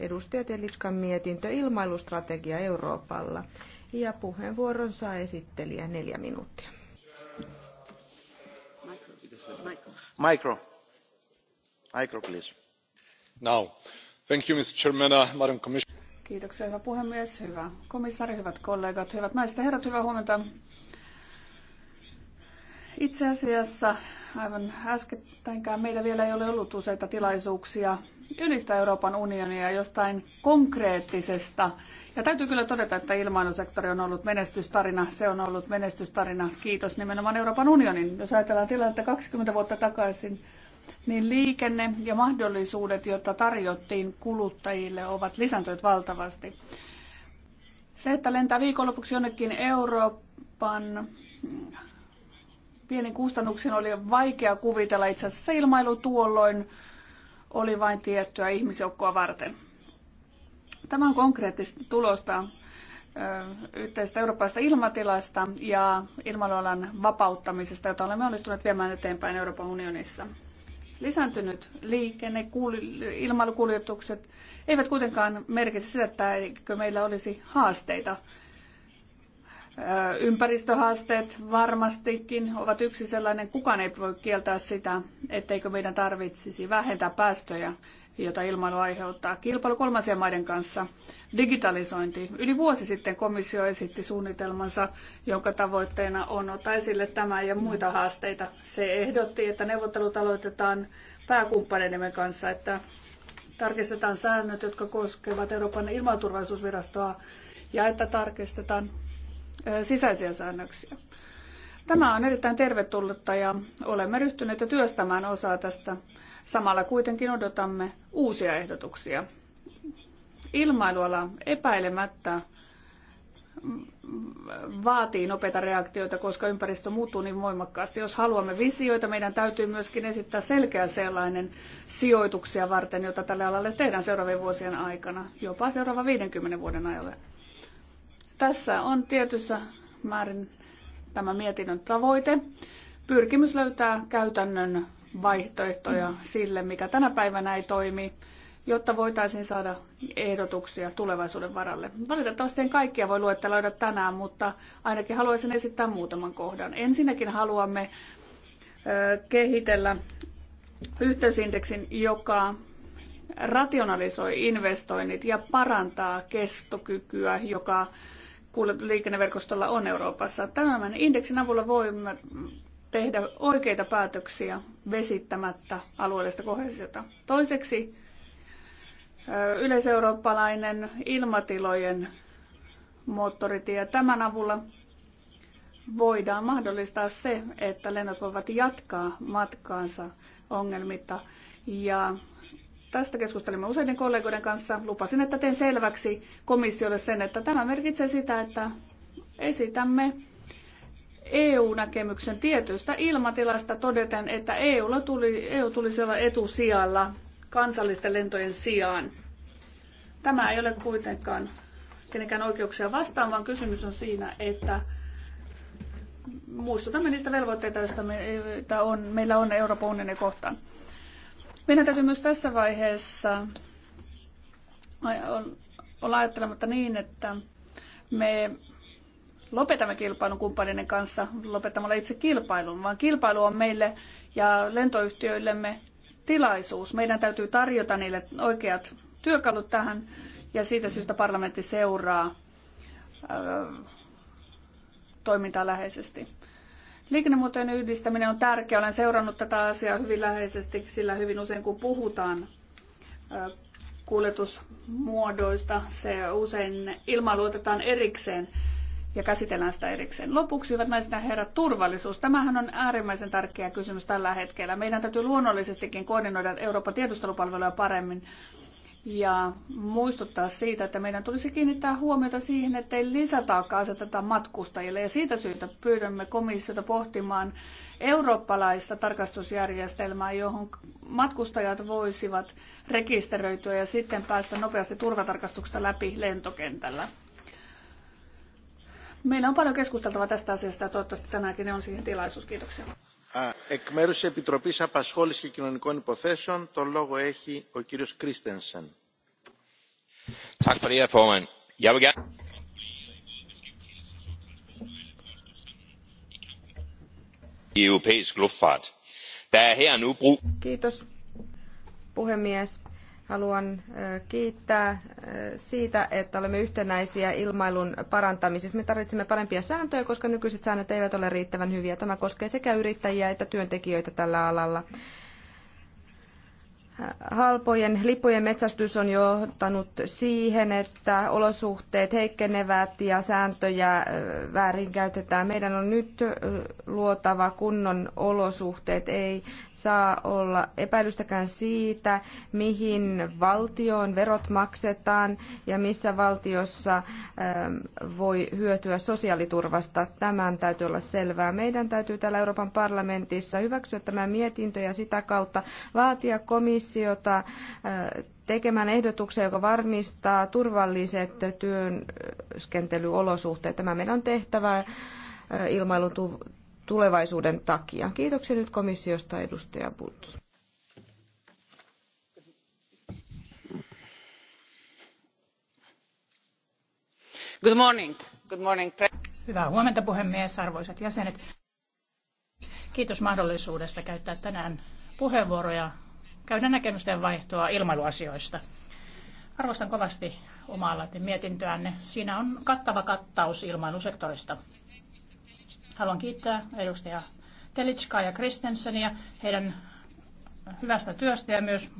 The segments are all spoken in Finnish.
edustaja Telitskan mietintö ilmailustrategia Euroopalla. Ja puheenvuoron saa esittelijä neljä minuuttia. Micro. Micro, please. Now. Thank you, Mr. Chairman, uh, Madam Commissioner. Kiitoksia, hyvä puhemies, hyvä komissaari, hyvät kollegat, hyvät naiset ja herrat, hyvää huomenta. Itse asiassa aivan äskettäinkään meillä vielä ei ole ollut useita tilaisuuksia ylistä Euroopan unionia jostain konkreettisesta. Ja täytyy kyllä todeta, että ilmailusektori on ollut menestystarina. Se on ollut menestystarina, kiitos nimenomaan Euroopan unionin. Jos ajatellaan tilannetta 20 vuotta takaisin, niin liikenne ja mahdollisuudet, joita tarjottiin kuluttajille, ovat lisääntyneet valtavasti. Se, että lentää viikonlopuksi jonnekin Euroopan pienin kustannuksin oli vaikea kuvitella. Itse asiassa ilmailu tuolloin oli vain tiettyä ihmisjoukkoa varten. Tämä on konkreettista tulosta yhteisestä eurooppalaisesta ilmatilasta ja ilmailualan vapauttamisesta, jota olemme onnistuneet viemään eteenpäin Euroopan unionissa. Lisääntynyt liikenne, ilmailukuljetukset eivät kuitenkaan merkitse sitä, että meillä olisi haasteita – Ympäristöhaasteet varmastikin ovat yksi sellainen, kukaan ei voi kieltää sitä, etteikö meidän tarvitsisi vähentää päästöjä, jota ilmailu aiheuttaa. Kilpailu kolmansien maiden kanssa, digitalisointi. Yli vuosi sitten komissio esitti suunnitelmansa, jonka tavoitteena on ottaa esille tämä ja muita haasteita. Se ehdotti, että neuvottelut aloitetaan pääkumppaneidemme kanssa, että tarkistetaan säännöt, jotka koskevat Euroopan ilmaturvallisuusvirastoa ja että tarkistetaan sisäisiä säännöksiä. Tämä on erittäin tervetullutta ja olemme ryhtyneet jo työstämään osaa tästä. Samalla kuitenkin odotamme uusia ehdotuksia. Ilmailuala epäilemättä vaatii nopeita reaktioita, koska ympäristö muuttuu niin voimakkaasti. Jos haluamme visioita, meidän täytyy myöskin esittää selkeä sellainen sijoituksia varten, jota tälle alalle tehdään seuraavien vuosien aikana, jopa seuraava 50 vuoden ajalle. Tässä on tietyssä määrin tämä mietinnön tavoite. Pyrkimys löytää käytännön vaihtoehtoja sille, mikä tänä päivänä ei toimi, jotta voitaisiin saada ehdotuksia tulevaisuuden varalle. Valitettavasti en kaikkia voi luetteloida tänään, mutta ainakin haluaisin esittää muutaman kohdan. Ensinnäkin haluamme kehitellä yhteysindeksin, joka rationalisoi investoinnit ja parantaa kestokykyä, joka liikenneverkostolla on Euroopassa. Tämän indeksin avulla voimme tehdä oikeita päätöksiä vesittämättä alueellista kohesiota. Toiseksi yleiseurooppalainen ilmatilojen moottoritie. Tämän avulla voidaan mahdollistaa se, että lennot voivat jatkaa matkaansa ongelmitta ja Tästä keskustelimme useiden kollegoiden kanssa. Lupasin, että teen selväksi komissiolle sen, että tämä merkitsee sitä, että esitämme EU-näkemyksen tietystä ilmatilasta todeten, että EUlla tuli, EU tulisi olla etusijalla kansallisten lentojen sijaan. Tämä ei ole kuitenkaan kenenkään oikeuksia vastaan, vaan kysymys on siinä, että muistutamme niistä velvoitteita, joista me, on, meillä on Euroopan unionin kohtaan. Meidän täytyy myös tässä vaiheessa olla ajattelematta niin, että me lopetamme kilpailun kumppaneiden kanssa lopettamalla itse kilpailun, vaan kilpailu on meille ja lentoyhtiöillemme tilaisuus. Meidän täytyy tarjota niille oikeat työkalut tähän ja siitä syystä parlamentti seuraa toimintaa läheisesti. Liikennemuotojen yhdistäminen on tärkeää. Olen seurannut tätä asiaa hyvin läheisesti, sillä hyvin usein kun puhutaan kuljetusmuodoista, se usein ilmailu erikseen ja käsitellään sitä erikseen. Lopuksi, hyvät naiset ja herrat, turvallisuus. Tämähän on äärimmäisen tärkeä kysymys tällä hetkellä. Meidän täytyy luonnollisestikin koordinoida Euroopan tiedustelupalveluja paremmin ja muistuttaa siitä, että meidän tulisi kiinnittää huomiota siihen, ettei lisätaakka aseteta matkustajille. Ja siitä syytä pyydämme komissiota pohtimaan eurooppalaista tarkastusjärjestelmää, johon matkustajat voisivat rekisteröityä ja sitten päästä nopeasti turvatarkastuksesta läpi lentokentällä. Meillä on paljon keskusteltavaa tästä asiasta ja toivottavasti tänäänkin on siihen tilaisuus. Kiitoksia εκ μέρους της επιτροπής απασχόλησης και κοινωνικών υποθέσεων το λόγο έχει ο κύριος Κρίστενσεν. Kiitos puhemies Haluan kiittää siitä, että olemme yhtenäisiä ilmailun parantamisessa. Me tarvitsemme parempia sääntöjä, koska nykyiset säännöt eivät ole riittävän hyviä. Tämä koskee sekä yrittäjiä että työntekijöitä tällä alalla. Halpojen lippujen metsästys on johtanut siihen, että olosuhteet heikkenevät ja sääntöjä väärinkäytetään. Meidän on nyt luotava kunnon olosuhteet. Ei saa olla epäilystäkään siitä, mihin valtioon verot maksetaan ja missä valtiossa voi hyötyä sosiaaliturvasta. Tämän täytyy olla selvää. Meidän täytyy täällä Euroopan parlamentissa hyväksyä tämä mietintö ja sitä kautta vaatia komissio komissiota äh, tekemään ehdotuksen, joka varmistaa turvalliset työskentelyolosuhteet. Äh, Tämä meidän on tehtävä äh, ilmailun tulevaisuuden takia. Kiitoksia nyt komissiosta edustaja Bultz. Good morning. Good morning. Hyvää huomenta puhemies, arvoisat jäsenet. Kiitos mahdollisuudesta käyttää tänään puheenvuoroja käydä näkemysten vaihtoa ilmailuasioista. Arvostan kovasti omaa mietintöänne. Siinä on kattava kattaus ilmailusektorista. Haluan kiittää edustaja Telitskaa ja Kristensenia heidän hyvästä työstä ja myös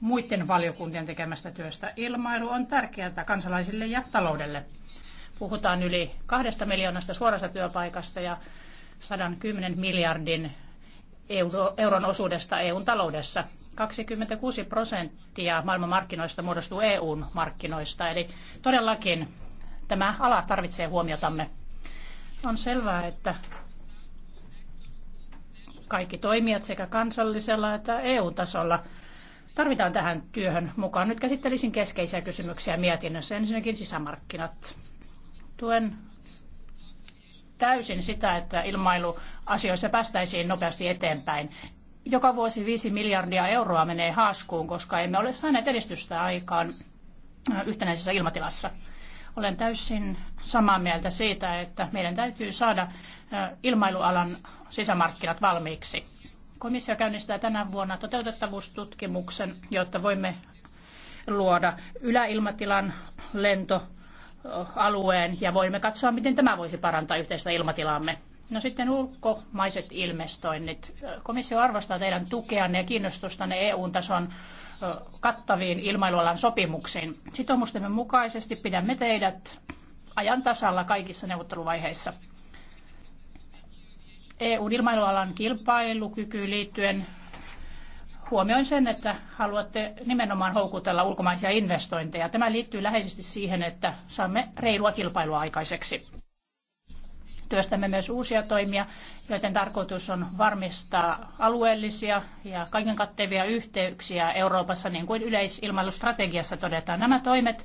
muiden valiokuntien tekemästä työstä. Ilmailu on tärkeää kansalaisille ja taloudelle. Puhutaan yli kahdesta miljoonasta suorasta työpaikasta ja 110 miljardin euro, euron osuudesta EUn taloudessa. 26 prosenttia maailmanmarkkinoista muodostuu EUn markkinoista, eli todellakin tämä ala tarvitsee huomiotamme. On selvää, että kaikki toimijat sekä kansallisella että EU-tasolla tarvitaan tähän työhön mukaan. Nyt käsittelisin keskeisiä kysymyksiä mietinnössä. Ensinnäkin sisämarkkinat. Tuen täysin sitä, että ilmailuasioissa päästäisiin nopeasti eteenpäin. Joka vuosi 5 miljardia euroa menee haaskuun, koska emme ole saaneet edistystä aikaan äh, yhtenäisessä ilmatilassa. Olen täysin samaa mieltä siitä, että meidän täytyy saada äh, ilmailualan sisämarkkinat valmiiksi. Komissio käynnistää tänä vuonna toteutettavuustutkimuksen, jotta voimme luoda yläilmatilan lento alueen ja voimme katsoa, miten tämä voisi parantaa yhteistä ilmatilaamme. No sitten ulkomaiset ilmestoinnit Komissio arvostaa teidän tukeanne ja kiinnostustanne EU-tason kattaviin ilmailualan sopimuksiin. Sitoumustemme mukaisesti pidämme teidät ajan tasalla kaikissa neuvotteluvaiheissa. eu ilmailualan kilpailukykyyn liittyen huomioin sen, että haluatte nimenomaan houkutella ulkomaisia investointeja. Tämä liittyy läheisesti siihen, että saamme reilua kilpailua aikaiseksi. Työstämme myös uusia toimia, joiden tarkoitus on varmistaa alueellisia ja kaiken kattevia yhteyksiä Euroopassa, niin kuin yleisilmailustrategiassa todetaan. Nämä toimet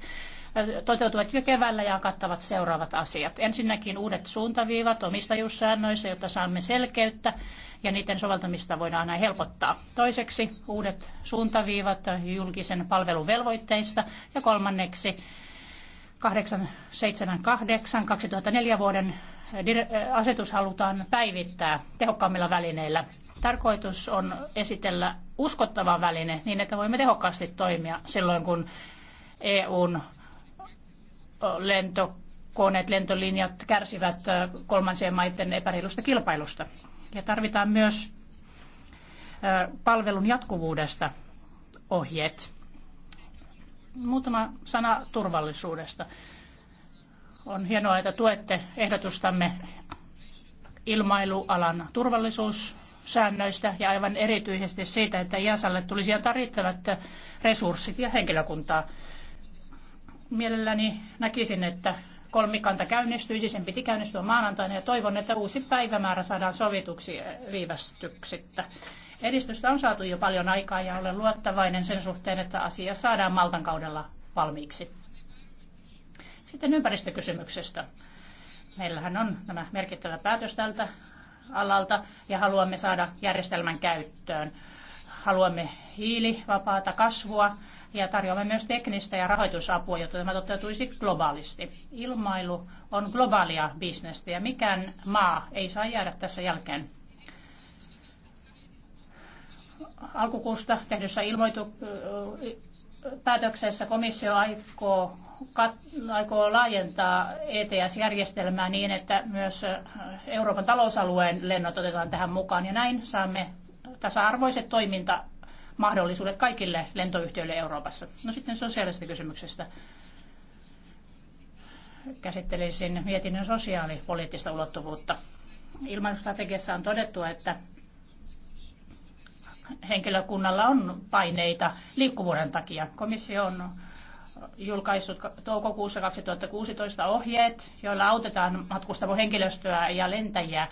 toteutuvat jo keväällä ja kattavat seuraavat asiat. Ensinnäkin uudet suuntaviivat omistajuussäännöissä, jotta saamme selkeyttä ja niiden soveltamista voidaan näin helpottaa. Toiseksi uudet suuntaviivat julkisen palvelun velvoitteista ja kolmanneksi 878 2004 vuoden asetus halutaan päivittää tehokkaammilla välineillä. Tarkoitus on esitellä uskottava väline niin, että voimme tehokkaasti toimia silloin, kun EUn lentokoneet, lentolinjat kärsivät kolmansien maiden epäreilusta kilpailusta. Ja tarvitaan myös palvelun jatkuvuudesta ohjeet. Muutama sana turvallisuudesta. On hienoa, että tuette ehdotustamme ilmailualan turvallisuussäännöistä ja aivan erityisesti siitä, että IASalle tulisi antaa riittävät resurssit ja henkilökuntaa. Mielelläni näkisin, että kolmikanta käynnistyisi, sen piti käynnistyä maanantaina ja toivon, että uusi päivämäärä saadaan sovituksi eh, viivästyksittä. Edistystä on saatu jo paljon aikaa ja olen luottavainen sen suhteen, että asia saadaan Maltan kaudella valmiiksi. Sitten ympäristökysymyksestä. Meillähän on tämä merkittävä päätös tältä alalta ja haluamme saada järjestelmän käyttöön. Haluamme hiilivapaata kasvua ja tarjoamme myös teknistä ja rahoitusapua, jotta tämä toteutuisi globaalisti. Ilmailu on globaalia bisnestä ja mikään maa ei saa jäädä tässä jälkeen. Alkukuusta tehdyssä ilmoitu, päätöksessä komissio aikoo, kat, aikoo laajentaa ETS-järjestelmää niin, että myös Euroopan talousalueen lennot otetaan tähän mukaan ja näin saamme tasa-arvoiset toiminta mahdollisuudet kaikille lentoyhtiöille Euroopassa. No sitten sosiaalisesta kysymyksestä. Käsittelisin mietinnön sosiaalipoliittista ulottuvuutta. Ilmailustrategiassa on todettu, että henkilökunnalla on paineita liikkuvuuden takia. Komissio on julkaissut toukokuussa 2016 ohjeet, joilla autetaan matkustavaa henkilöstöä ja lentäjiä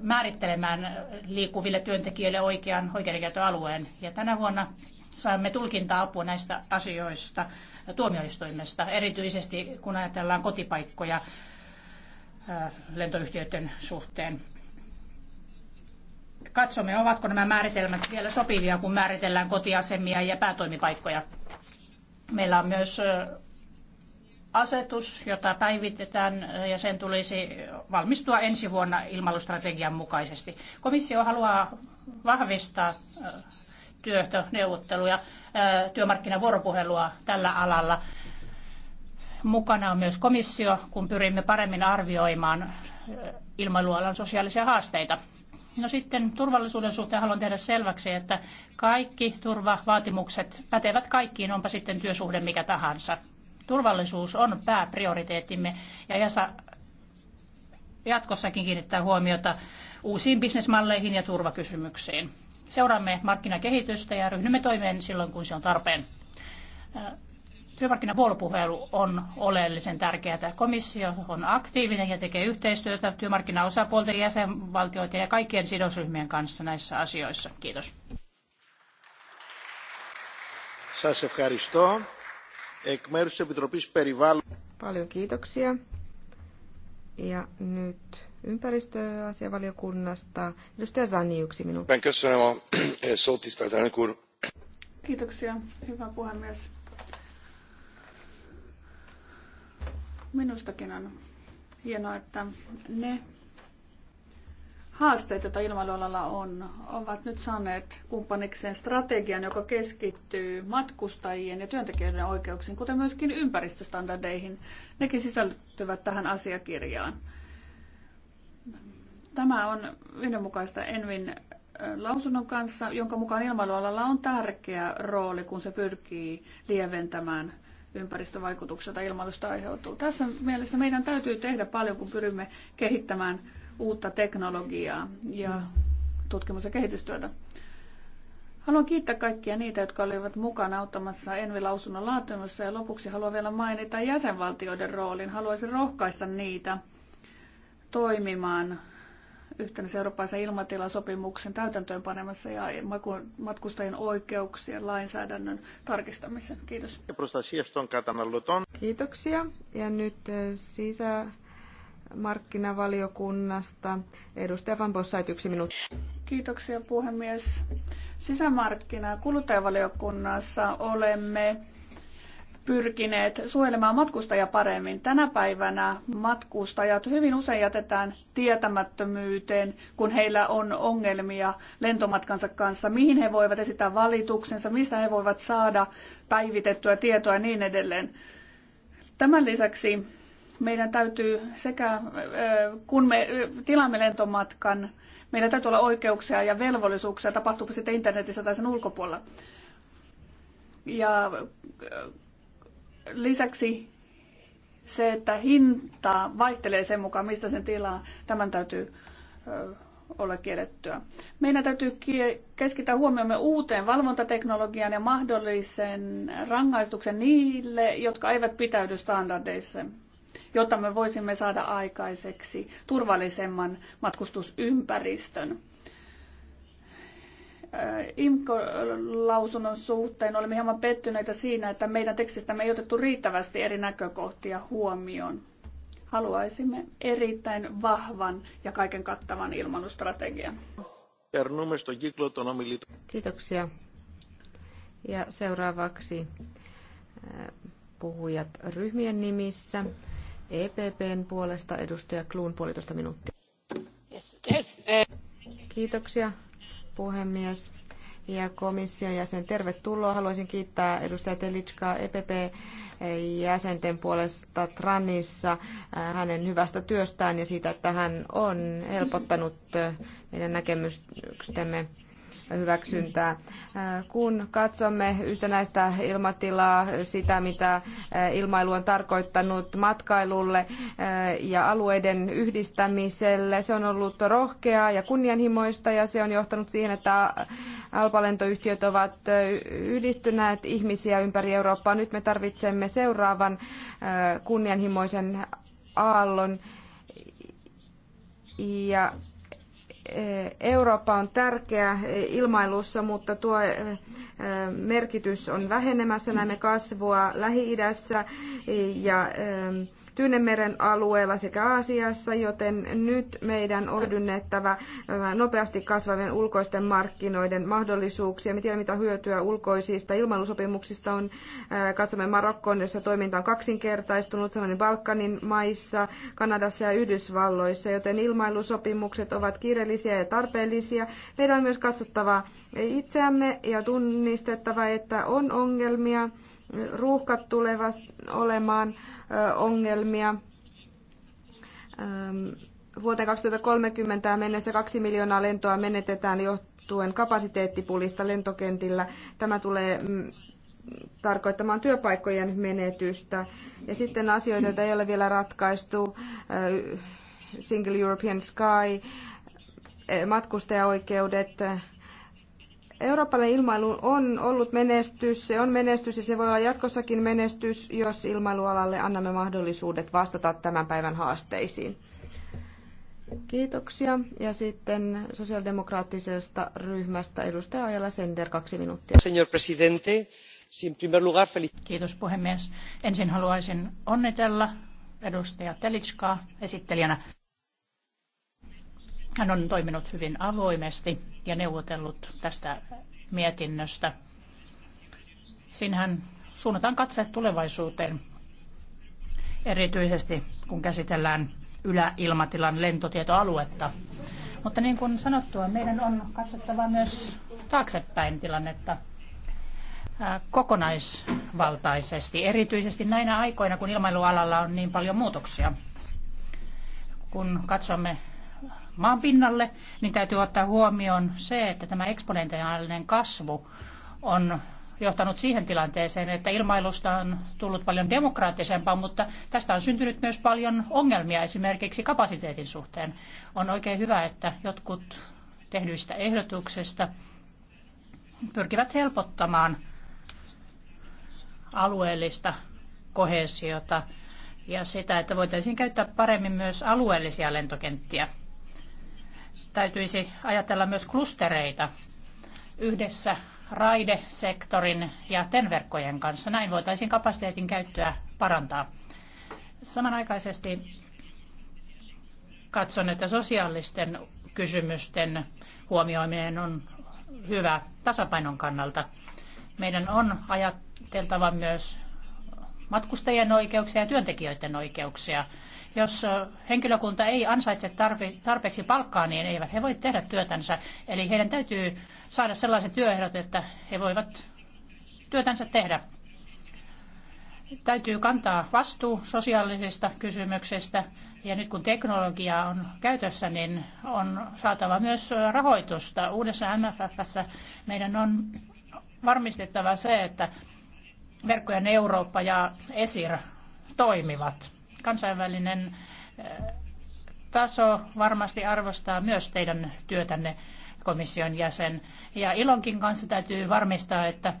määrittelemään liikkuville työntekijöille oikean oikeudenkäyttöalueen. Ja tänä vuonna saamme tulkinta-apua näistä asioista tuomioistuimesta, erityisesti kun ajatellaan kotipaikkoja lentoyhtiöiden suhteen. Katsomme, ovatko nämä määritelmät vielä sopivia, kun määritellään kotiasemia ja päätoimipaikkoja. Meillä on myös asetus, jota päivitetään ja sen tulisi valmistua ensi vuonna ilmailustrategian mukaisesti. Komissio haluaa vahvistaa työehtoneuvotteluja, työmarkkinavuoropuhelua tällä alalla. Mukana on myös komissio, kun pyrimme paremmin arvioimaan ilmailualan sosiaalisia haasteita. No sitten turvallisuuden suhteen haluan tehdä selväksi, että kaikki turvavaatimukset pätevät kaikkiin, onpa sitten työsuhde mikä tahansa. Turvallisuus on pääprioriteettimme ja ESA jatkossakin kiinnittää huomiota uusiin bisnesmalleihin ja turvakysymyksiin. Seuraamme markkinakehitystä ja ryhdymme toimeen silloin, kun se on tarpeen. Äh, työmarkkinavuoropuhelu on oleellisen tärkeää. Komissio on aktiivinen ja tekee yhteistyötä työmarkkinaosapuolten jäsenvaltioiden ja kaikkien sidosryhmien kanssa näissä asioissa. Kiitos. Paljon kiitoksia. Ja nyt ympäristöasiavaliokunnasta. Edustaja Sani, yksi minuutti. Eh, kiitoksia, hyvä puhemies. Minustakin on hienoa, että ne haasteet, joita ilmailualalla on, ovat nyt saaneet kumppanikseen strategian, joka keskittyy matkustajien ja työntekijöiden oikeuksiin, kuten myöskin ympäristöstandardeihin. Nekin sisältyvät tähän asiakirjaan. Tämä on mukaista Envin lausunnon kanssa, jonka mukaan ilmailualalla on tärkeä rooli, kun se pyrkii lieventämään ympäristövaikutuksia, joita ilmailusta aiheutuu. Tässä mielessä meidän täytyy tehdä paljon, kun pyrimme kehittämään uutta teknologiaa ja mm. tutkimus- ja kehitystyötä. Haluan kiittää kaikkia niitä, jotka olivat mukana auttamassa Envi-lausunnon laatimassa ja lopuksi haluan vielä mainita jäsenvaltioiden roolin. Haluaisin rohkaista niitä toimimaan yhtenä eurooppalaisen ilmatilasopimuksen täytäntöönpanemassa ja matkustajien oikeuksien lainsäädännön tarkistamisen. Kiitos. Kiitoksia. Ja nyt eh, sisä markkinavaliokunnasta. Edustaja Van Bossait, yksi minuutti. Kiitoksia puhemies. Sisämarkkina- ja kuluttajavaliokunnassa olemme pyrkineet suojelemaan matkustajia paremmin. Tänä päivänä matkustajat hyvin usein jätetään tietämättömyyteen, kun heillä on ongelmia lentomatkansa kanssa, mihin he voivat esittää valituksensa, mistä he voivat saada päivitettyä tietoa ja niin edelleen. Tämän lisäksi meidän täytyy sekä, kun me tilaamme lentomatkan, meillä täytyy olla oikeuksia ja velvollisuuksia, tapahtuuko sitten internetissä tai sen ulkopuolella. Ja lisäksi se, että hinta vaihtelee sen mukaan, mistä sen tilaa, tämän täytyy olla kiellettyä. Meidän täytyy keskittää huomiomme uuteen valvontateknologiaan ja mahdollisen rangaistuksen niille, jotka eivät pitäydy standardeissa jotta me voisimme saada aikaiseksi turvallisemman matkustusympäristön. Äh, IMCO-lausunnon suhteen olemme hieman pettyneitä siinä, että meidän tekstistämme ei otettu riittävästi eri näkökohtia huomioon. Haluaisimme erittäin vahvan ja kaiken kattavan ilmailustrategian. Kiitoksia. Ja seuraavaksi äh, puhujat ryhmien nimissä. EPPn puolesta edustaja Kluun puolitoista minuuttia. Eh. Kiitoksia puhemies ja komission jäsen. Tervetuloa. Haluaisin kiittää edustaja Telitska EPP jäsenten puolesta Trannissa eh, hänen hyvästä työstään ja siitä, että hän on helpottanut eh, meidän näkemystämme hyväksyntää. Äh, kun katsomme yhtenäistä ilmatilaa, sitä mitä äh, ilmailu on tarkoittanut matkailulle äh, ja alueiden yhdistämiselle, se on ollut rohkeaa ja kunnianhimoista ja se on johtanut siihen, että alpalentoyhtiöt ovat yhdistyneet ihmisiä ympäri Eurooppaa. Nyt me tarvitsemme seuraavan kunnianhimoisen aallon ja Eurooppa on tärkeä ilmailussa, mutta tuo eh, merkitys on vähenemässä. Näemme kasvua Lähi-idässä ja eh, Tyynemeren alueella sekä Aasiassa, joten nyt meidän on hyödynnettävä nopeasti kasvavien ulkoisten markkinoiden mahdollisuuksia. Me tiedämme, mitä hyötyä ulkoisista ilmailusopimuksista on. Katsomme Marokkoon, jossa toiminta on kaksinkertaistunut, samoin Balkanin maissa, Kanadassa ja Yhdysvalloissa, joten ilmailusopimukset ovat kiireellisiä ja tarpeellisia. Meidän on myös katsottava itseämme ja tunnistettava, että on ongelmia ruuhkat tulevat olemaan ongelmia. Vuoteen 2030 mennessä kaksi miljoonaa lentoa menetetään johtuen kapasiteettipulista lentokentillä. Tämä tulee mm, tarkoittamaan työpaikkojen menetystä. Ja sitten asioita, joita ei ole vielä ratkaistu, Single European Sky, matkustajaoikeudet, Eurooppalainen ilmailu on ollut menestys, se on menestys ja se voi olla jatkossakin menestys, jos ilmailualalle annamme mahdollisuudet vastata tämän päivän haasteisiin. Kiitoksia. Ja sitten sosiaalidemokraattisesta ryhmästä edustaja Ajala Sender, kaksi minuuttia. Señor presidente, sin primer lugar, feliz... Kiitos puhemies. Ensin haluaisin onnitella edustaja Telitskaa esittelijänä. Hän on toiminut hyvin avoimesti ja neuvotellut tästä mietinnöstä. Siinähän suunnataan katseet tulevaisuuteen, erityisesti kun käsitellään yläilmatilan lentotietoaluetta. Mutta niin kuin sanottua, meidän on katsottava myös taaksepäin tilannetta kokonaisvaltaisesti, erityisesti näinä aikoina, kun ilmailualalla on niin paljon muutoksia. Kun katsomme maan pinnalle, niin täytyy ottaa huomioon se, että tämä eksponentiaalinen kasvu on johtanut siihen tilanteeseen, että ilmailusta on tullut paljon demokraattisempaa, mutta tästä on syntynyt myös paljon ongelmia esimerkiksi kapasiteetin suhteen. On oikein hyvä, että jotkut tehdyistä ehdotuksista pyrkivät helpottamaan alueellista kohesiota ja sitä, että voitaisiin käyttää paremmin myös alueellisia lentokenttiä täytyisi ajatella myös klustereita yhdessä raidesektorin ja tenverkkojen kanssa. Näin voitaisiin kapasiteetin käyttöä parantaa. Samanaikaisesti katson, että sosiaalisten kysymysten huomioiminen on hyvä tasapainon kannalta. Meidän on ajateltava myös matkustajien oikeuksia ja työntekijöiden oikeuksia. Jos henkilökunta ei ansaitse tarpeeksi palkkaa, niin eivät he voi tehdä työtänsä. Eli heidän täytyy saada sellaiset työehdot, että he voivat työtänsä tehdä. Täytyy kantaa vastuu sosiaalisista kysymyksistä ja nyt kun teknologia on käytössä, niin on saatava myös rahoitusta. Uudessa MFFssä meidän on varmistettava se, että verkkojen Eurooppa ja ESIR toimivat. Kansainvälinen eh, taso varmasti arvostaa myös teidän työtänne komission jäsen. Ja Ilonkin kanssa täytyy varmistaa, että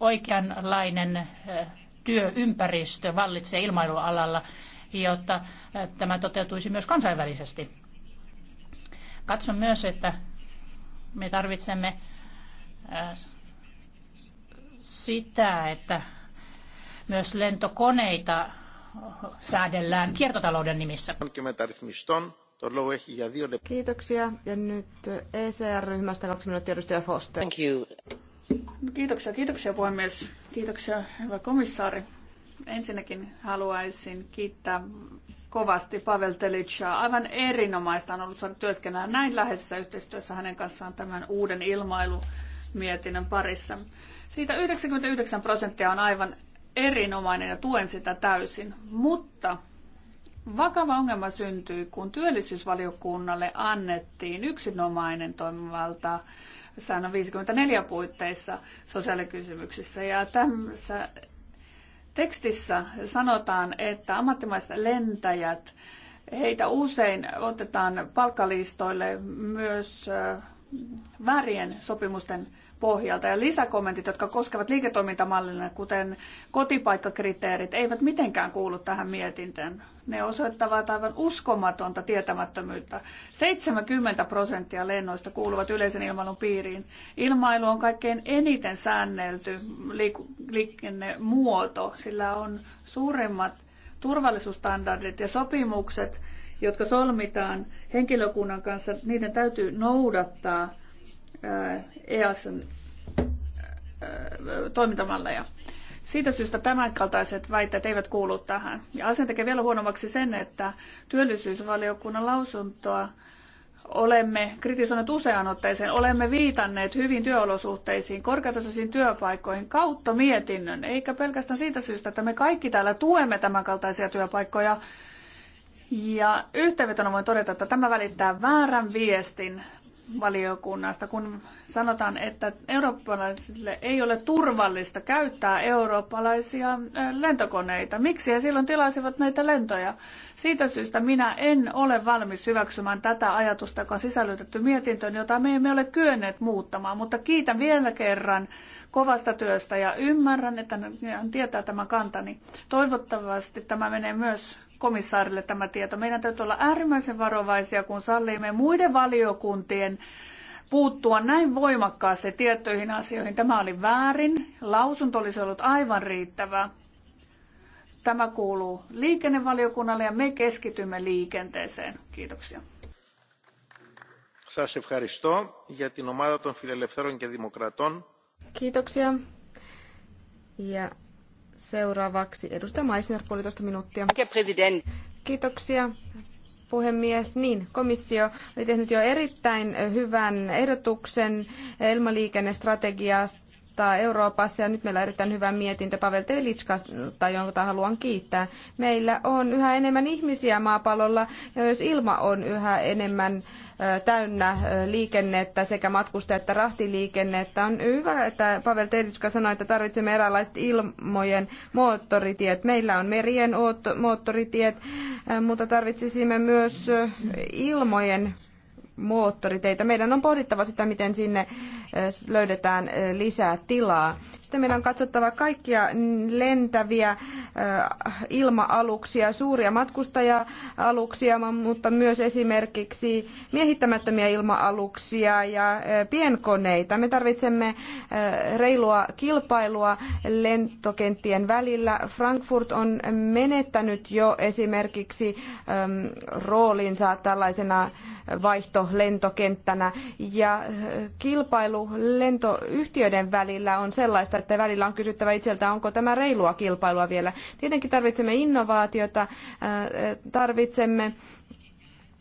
oikeanlainen eh, työympäristö vallitsee ilmailualalla, jotta eh, tämä toteutuisi myös kansainvälisesti. Katson myös, että me tarvitsemme sitä, että myös lentokoneita säädellään kiertotalouden nimissä. Kiitoksia. Ja nyt ECR-ryhmästä kaksi minuuttia edustaja Foster. Thank you. Kiitoksia, kiitoksia puhemies. Kiitoksia, hyvä komissaari. Ensinnäkin haluaisin kiittää kovasti Pavel Telicaa. Aivan erinomaista on ollut saada työskennellä näin läheisessä yhteistyössä hänen kanssaan tämän uuden ilmailumietinnön parissa. Siitä 99 prosenttia on aivan erinomainen ja tuen sitä täysin, mutta vakava ongelma syntyi, kun työllisyysvaliokunnalle annettiin yksinomainen toimivalta säännön 54 puitteissa sosiaalikysymyksissä. Ja tässä tekstissä sanotaan, että ammattimaiset lentäjät, heitä usein otetaan palkkalistoille myös väärien sopimusten pohjalta ja lisäkommentit, jotka koskevat liiketoimintamallille, kuten kotipaikkakriteerit, eivät mitenkään kuulu tähän mietintöön. Ne osoittavat aivan uskomatonta tietämättömyyttä. 70 prosenttia lennoista kuuluvat yleisen ilmailun piiriin. Ilmailu on kaikkein eniten säännelty liikennemuoto, sillä on suurimmat turvallisuusstandardit ja sopimukset, jotka solmitaan henkilökunnan kanssa, niiden täytyy noudattaa EASn toimintamalleja. Siitä syystä tämänkaltaiset väitteet eivät kuulu tähän. Ja asian tekee vielä huonommaksi sen, että työllisyysvaliokunnan lausuntoa olemme kritisoineet useaan otteeseen. Olemme viitanneet hyvin työolosuhteisiin, korkeatasoisiin työpaikkoihin kautta mietinnön, eikä pelkästään siitä syystä, että me kaikki täällä tuemme tämänkaltaisia työpaikkoja. Ja yhteenvetona voin todeta, että tämä välittää väärän viestin valiokunnasta, kun sanotaan, että eurooppalaisille ei ole turvallista käyttää eurooppalaisia lentokoneita. Miksi he silloin tilasivat näitä lentoja? Siitä syystä minä en ole valmis hyväksymään tätä ajatusta, joka on sisällytetty mietintöön, jota me emme ole kyenneet muuttamaan. Mutta kiitän vielä kerran kovasta työstä ja ymmärrän, että hän tietää tämän kantani. Toivottavasti tämä menee myös komissaarille tämä tieto. Meidän täytyy olla äärimmäisen varovaisia, kun sallimme muiden valiokuntien puuttua näin voimakkaasti tiettyihin asioihin. Tämä oli väärin. Lausunto olisi ollut aivan riittävä. Tämä kuuluu liikennevaliokunnalle ja me keskitymme liikenteeseen. Kiitoksia. Σας ευχαριστώ για την ομάδα των φιλελευθέρων και δημοκρατών. Kiitoksia. Ja Seuraavaksi edustaja Maisner, puolitoista minuuttia. Kiitoksia puhemies. Niin, komissio oli tehnyt jo erittäin hyvän ehdotuksen ilmaliikennestrategiasta Euroopassa ja nyt meillä on erittäin hyvä mietintö Pavel Telitskasta, jonka haluan kiittää. Meillä on yhä enemmän ihmisiä maapallolla ja myös ilma on yhä enemmän täynnä liikennettä sekä matkusta että rahtiliikennettä. On hyvä, että Pavel Telitska sanoi, että tarvitsemme erilaiset ilmojen moottoritiet. Meillä on merien moottoritiet, mutta tarvitsisimme myös ilmojen moottoriteitä. Meidän on pohdittava sitä, miten sinne löydetään lisää tilaa. Sitten meidän on katsottava kaikkia lentäviä ilma-aluksia, suuria matkustaja-aluksia, mutta myös esimerkiksi miehittämättömiä ilma-aluksia ja pienkoneita. Me tarvitsemme reilua kilpailua lentokenttien välillä. Frankfurt on menettänyt jo esimerkiksi roolinsa tällaisena vaihtolentokenttänä ja kilpailu kilpailu lentoyhtiöiden välillä on sellaista, että välillä on kysyttävä itseltä, onko tämä reilua kilpailua vielä. Tietenkin tarvitsemme innovaatiota, äh, tarvitsemme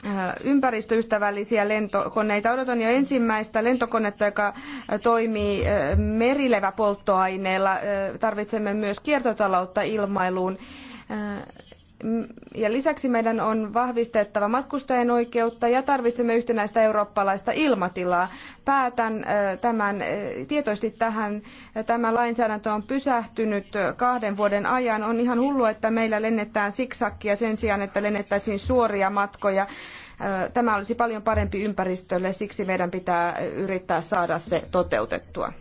äh, ympäristöystävällisiä lentokoneita. Odotan jo ensimmäistä lentokonetta, joka äh, toimii merileväpolttoaineella. Tarvitsemme myös kiertotaloutta ilmailuun ja lisäksi meidän on vahvistettava matkustajien oikeutta ja tarvitsemme yhtenäistä eurooppalaista ilmatilaa. Päätän tämän tietoisesti tähän. Tämä lainsäädäntö on pysähtynyt kahden vuoden ajan. On ihan hullua, että meillä lennetään siksakkia sen sijaan, että lennettäisiin suoria matkoja. Tämä olisi paljon parempi ympäristölle, siksi meidän pitää yrittää saada se toteutettua.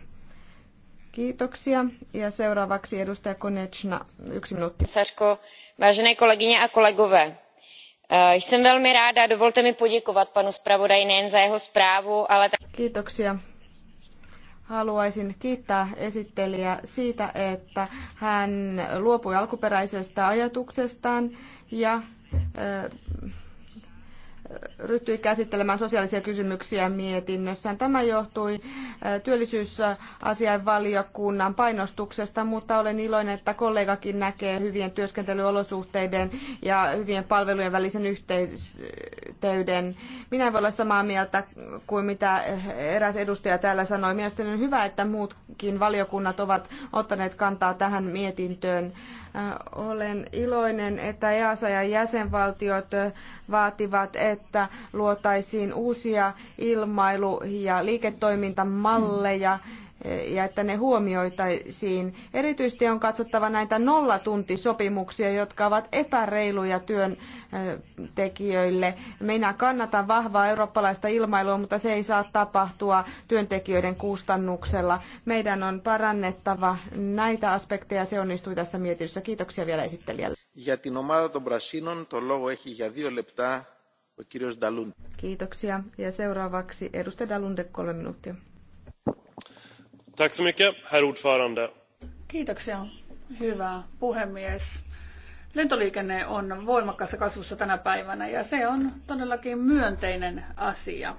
Kiitoksia. Ja seuraavaksi edustaja Konečna, yksi minuutti. Sarko, vážené kolegyně a kolegové, eh, jsem velmi ráda, dovolte mi poděkovat panu zpravodaji nejen za jeho zprávu, ale... Kiitoksia. Haluaisin kiittää esittelijää siitä, että hän luopui alkuperäisestä ajatuksestaan ja äh, ryhtyi käsittelemään sosiaalisia kysymyksiä mietinnössään. Tämä johtui työllisyysasiainvaliokunnan painostuksesta, mutta olen iloinen, että kollegakin näkee hyvien työskentelyolosuhteiden ja hyvien palvelujen välisen yhteyden. Minä en voi olla samaa mieltä kuin mitä eräs edustaja täällä sanoi. Mielestäni on hyvä, että muutkin valiokunnat ovat ottaneet kantaa tähän mietintöön olen iloinen, että EASA ja jäsenvaltiot vaativat, että luotaisiin uusia ilmailu- ja liiketoimintamalleja, mm ja että ne huomioitaisiin. Erityisesti on katsottava näitä nollatuntisopimuksia, jotka ovat epäreiluja työntekijöille. Minä kannatan vahvaa eurooppalaista ilmailua, mutta se ei saa tapahtua työntekijöiden kustannuksella. Meidän on parannettava näitä aspekteja. Se onnistui tässä mietinnössä. Kiitoksia vielä esittelijälle. Για την ομάδα των Πρασίνων το λόγο έχει για δύο λεπτά ο κύριος Νταλούντε. Kiitoksia. Ja seuraavaksi edustaja Dalunde, kolme minuuttia herr Kiitoksia, hyvä puhemies. Lentoliikenne on voimakkaassa kasvussa tänä päivänä ja se on todellakin myönteinen asia.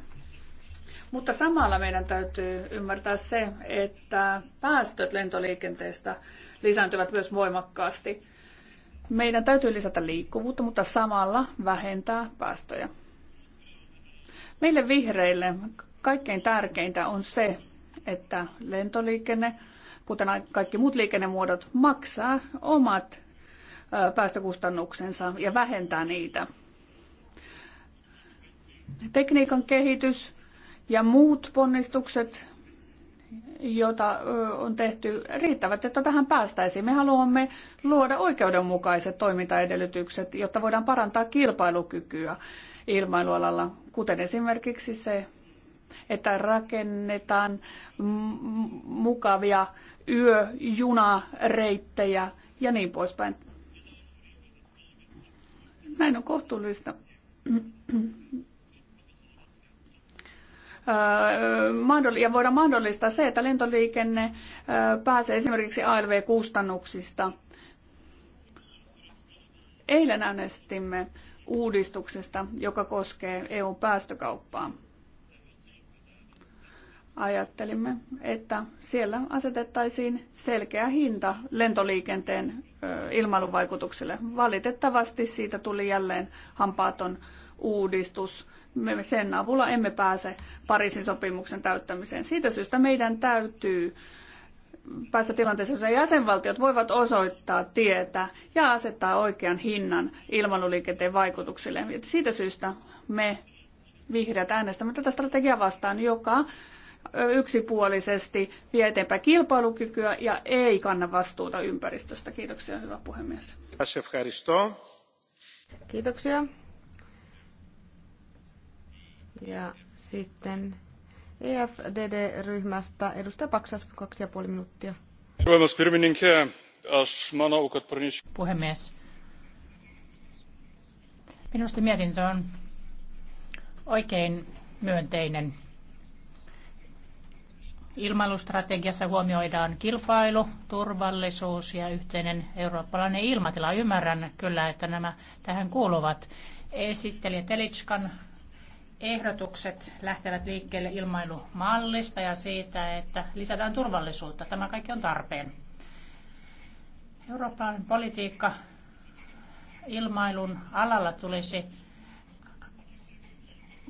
Mutta samalla meidän täytyy ymmärtää se, että päästöt lentoliikenteestä lisääntyvät myös voimakkaasti. Meidän täytyy lisätä liikkuvuutta, mutta samalla vähentää päästöjä. Meille vihreille kaikkein tärkeintä on se, että lentoliikenne, kuten kaikki muut liikennemuodot, maksaa omat päästökustannuksensa ja vähentää niitä. Tekniikan kehitys ja muut ponnistukset, joita on tehty, riittävät, että tähän päästäisiin. Me haluamme luoda oikeudenmukaiset toimintaedellytykset, jotta voidaan parantaa kilpailukykyä ilmailualalla, kuten esimerkiksi se, että rakennetaan mukavia yöjunareittejä ja niin poispäin. Näin on kohtuullista. Öö, ja voidaan mahdollistaa se, että lentoliikenne öö, pääsee esimerkiksi ALV-kustannuksista. Eilen äänestimme uudistuksesta, joka koskee eu päästökauppaa ajattelimme, että siellä asetettaisiin selkeä hinta lentoliikenteen ilmailuvaikutuksille. Valitettavasti siitä tuli jälleen hampaaton uudistus. Me sen avulla emme pääse Pariisin sopimuksen täyttämiseen. Siitä syystä meidän täytyy päästä tilanteeseen, jossa jäsenvaltiot voivat osoittaa tietä ja asettaa oikean hinnan ilmailuliikenteen vaikutuksille. Siitä syystä me vihreät äänestämme tätä strategiaa vastaan, joka yksipuolisesti vie eteenpäin kilpailukykyä ja ei kanna vastuuta ympäristöstä. Kiitoksia, hyvä puhemies. Kiitoksia. Ja sitten EFDD-ryhmästä edustaja Paksas, kaksi ja puoli minuuttia. Puhemies. Minusta mietintö on oikein myönteinen Ilmailustrategiassa huomioidaan kilpailu, turvallisuus ja yhteinen eurooppalainen ilmatila. Ymmärrän kyllä, että nämä tähän kuuluvat. Esittelijä Telitskan ehdotukset lähtevät liikkeelle ilmailumallista ja siitä, että lisätään turvallisuutta. Tämä kaikki on tarpeen. Euroopan politiikka ilmailun alalla tulisi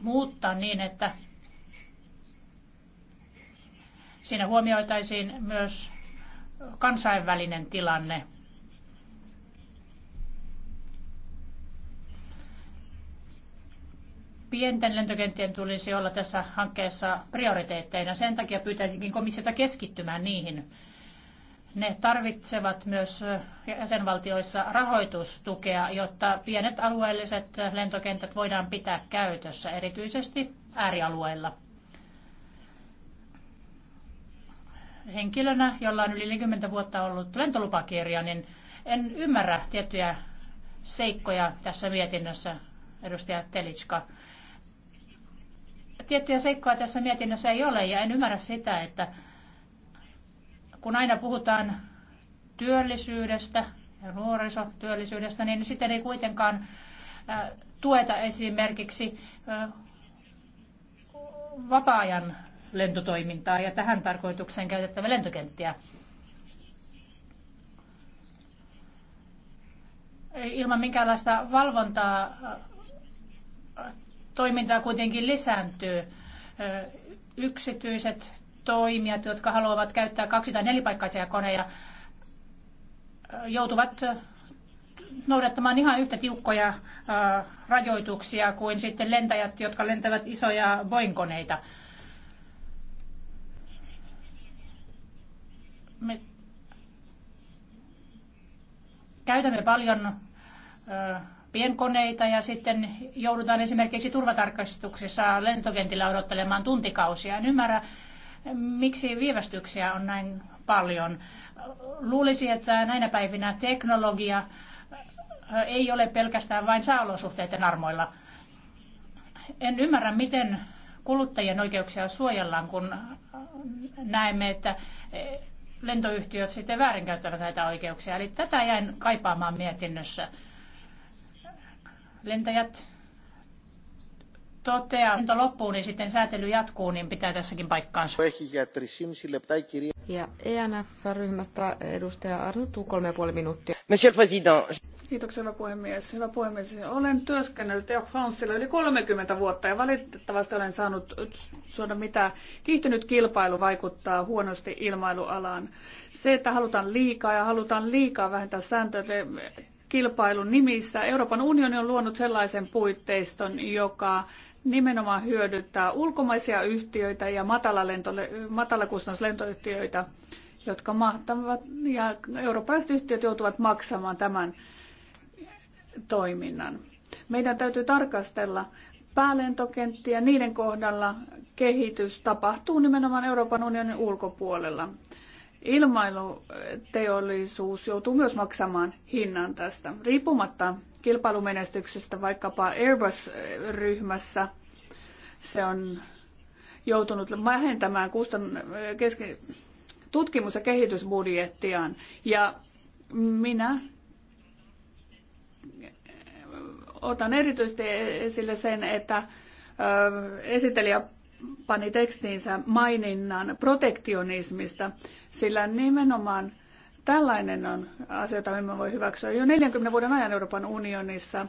muuttaa niin, että Siinä huomioitaisiin myös kansainvälinen tilanne. Pienten lentokenttien tulisi olla tässä hankkeessa prioriteetteina. Sen takia pyytäisinkin komissiota keskittymään niihin. Ne tarvitsevat myös jäsenvaltioissa rahoitustukea, jotta pienet alueelliset lentokentät voidaan pitää käytössä, erityisesti äärialueilla. henkilönä, jolla on yli 40 vuotta ollut lentolupakirja, niin en ymmärrä tiettyjä seikkoja tässä mietinnössä, edustaja Telitska. Tiettyjä seikkoja tässä mietinnössä ei ole ja en ymmärrä sitä, että kun aina puhutaan työllisyydestä ja nuorisotyöllisyydestä, niin sitten ei kuitenkaan tueta esimerkiksi vapaa-ajan lentotoimintaa ja tähän tarkoitukseen käytettävä lentokenttiä. Ilman minkäänlaista valvontaa toimintaa kuitenkin lisääntyy. Yksityiset toimijat, jotka haluavat käyttää kaksi- tai nelipaikkaisia koneja, joutuvat noudattamaan ihan yhtä tiukkoja rajoituksia kuin sitten lentäjät, jotka lentävät isoja boinkoneita. koneita Me käytämme paljon pienkoneita ja sitten joudutaan esimerkiksi turvatarkastuksessa lentokentillä odottelemaan tuntikausia. En ymmärrä, miksi viivästyksiä on näin paljon. Luulisi, että näinä päivinä teknologia ei ole pelkästään vain sääolosuhteiden armoilla. En ymmärrä, miten kuluttajien oikeuksia suojellaan, kun näemme, että lentoyhtiöt sitten väärinkäyttävät näitä oikeuksia. Eli tätä jäin kaipaamaan mietinnössä. Lentäjät toteaa into loppuun, niin sitten säätely jatkuu, niin pitää tässäkin paikkaansa. Ja ENF-ryhmästä edustaja Arnuttu, kolme ja puoli minuuttia. Monsieur le Président. Kiitoksia, hyvä puhemies. Hyvä puhemies. Olen työskennellyt Air Francella yli 30 vuotta ja valitettavasti olen saanut suoda mitä kiihtynyt kilpailu vaikuttaa huonosti ilmailualaan. Se, että halutaan liikaa ja halutaan liikaa vähentää sääntöjä kilpailun nimissä. Euroopan unioni on luonut sellaisen puitteiston, joka nimenomaan hyödyttää ulkomaisia yhtiöitä ja matalakustannuslentoyhtiöitä jotka mahtavat, ja eurooppalaiset yhtiöt joutuvat maksamaan tämän toiminnan. Meidän täytyy tarkastella päälentokenttiä. Niiden kohdalla kehitys tapahtuu nimenomaan Euroopan unionin ulkopuolella. Ilmailuteollisuus joutuu myös maksamaan hinnan tästä. Riippumatta kilpailumenestyksestä vaikkapa Airbus-ryhmässä, se on joutunut vähentämään kustan, keski, tutkimus- ja kehitysbudjettiaan. Ja minä otan erityisesti esille sen, että esittelijä pani tekstiinsä maininnan protektionismista, sillä nimenomaan tällainen on asia, jota emme voi hyväksyä. Jo 40 vuoden ajan Euroopan unionissa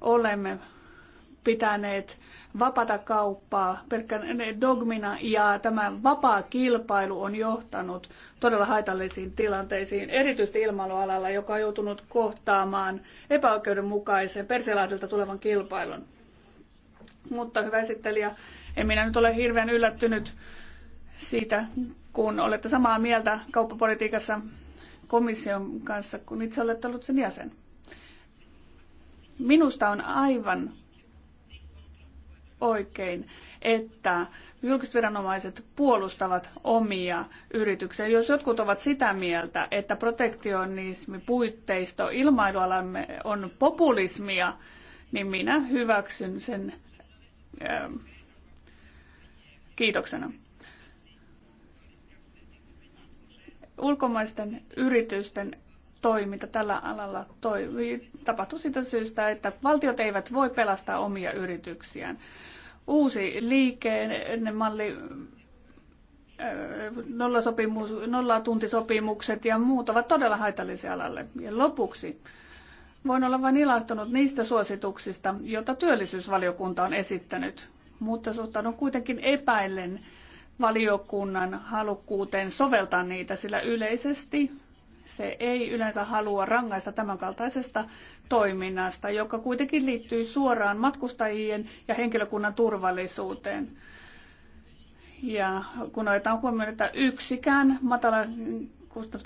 olemme pitäneet vapaata kauppaa pelkkä dogmina ja tämä vapaa kilpailu on johtanut todella haitallisiin tilanteisiin, erityisesti ilmailualalla, joka on joutunut kohtaamaan epäoikeudenmukaisen Persialahdelta tulevan kilpailun. Mutta hyvä esittelijä, en minä nyt ole hirveän yllättynyt siitä, kun olette samaa mieltä kauppapolitiikassa komission kanssa, kun itse olette ollut sen jäsen. Minusta on aivan oikein, että julkiset viranomaiset puolustavat omia yrityksiä. Jos jotkut ovat sitä mieltä, että protektionismi puitteisto ilmailualamme on populismia, niin minä hyväksyn sen ähm, kiitoksena. Ulkomaisten yritysten toiminta tällä alalla toimii tapahtuu sitä syystä, että valtiot eivät voi pelastaa omia yrityksiään. Uusi ennen malli, äh, nollatuntisopimukset ja muut ovat todella haitallisia alalle. Ja lopuksi voin olla vain ilahtunut niistä suosituksista, joita työllisyysvaliokunta on esittänyt, mutta suhtaudun kuitenkin epäillen valiokunnan halukkuuteen soveltaa niitä, sillä yleisesti se ei yleensä halua rangaista tämänkaltaisesta toiminnasta, joka kuitenkin liittyy suoraan matkustajien ja henkilökunnan turvallisuuteen. Ja kun otetaan huomioon, että yksikään matala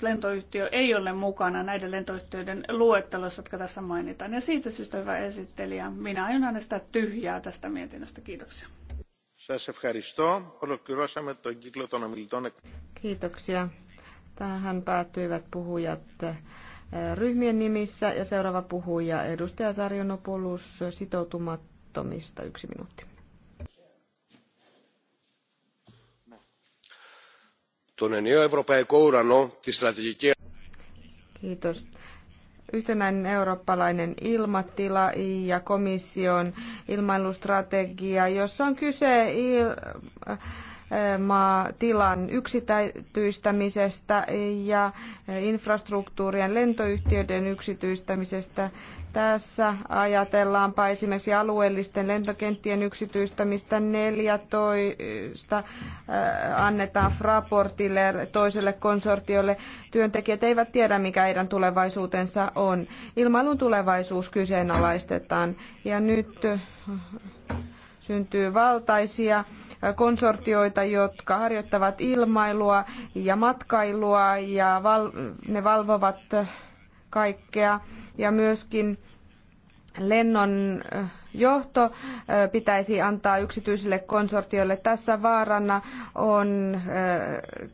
lentoyhtiö ei ole mukana näiden lentoyhtiöiden luettelossa, jotka tässä mainitaan. Ja siitä syystä hyvä esittelijä, minä aion äänestää tyhjää tästä mietinnöstä. Kiitoksia. Kiitoksia. Tähän päättyivät puhujat eh, ryhmien nimissä ja seuraava puhuja edustaja Sarjonopoulos sitoutumattomista yksi minuutti. Kiitos. Yhtenäinen eurooppalainen ilmatila ja komission ilmailustrategia, jossa on kyse il- maatilan yksityistämisestä ja infrastruktuurien lentoyhtiöiden yksityistämisestä. Tässä ajatellaanpa esimerkiksi alueellisten lentokenttien yksityistämistä 14 äh, annetaan Fraportille toiselle konsortiolle. Työntekijät eivät tiedä, mikä heidän tulevaisuutensa on. Ilmailun tulevaisuus kyseenalaistetaan ja nyt syntyy valtaisia konsortioita, jotka harjoittavat ilmailua ja matkailua ja ne valvovat kaikkea ja myöskin lennon johto pitäisi antaa yksityisille konsortioille. Tässä vaarana on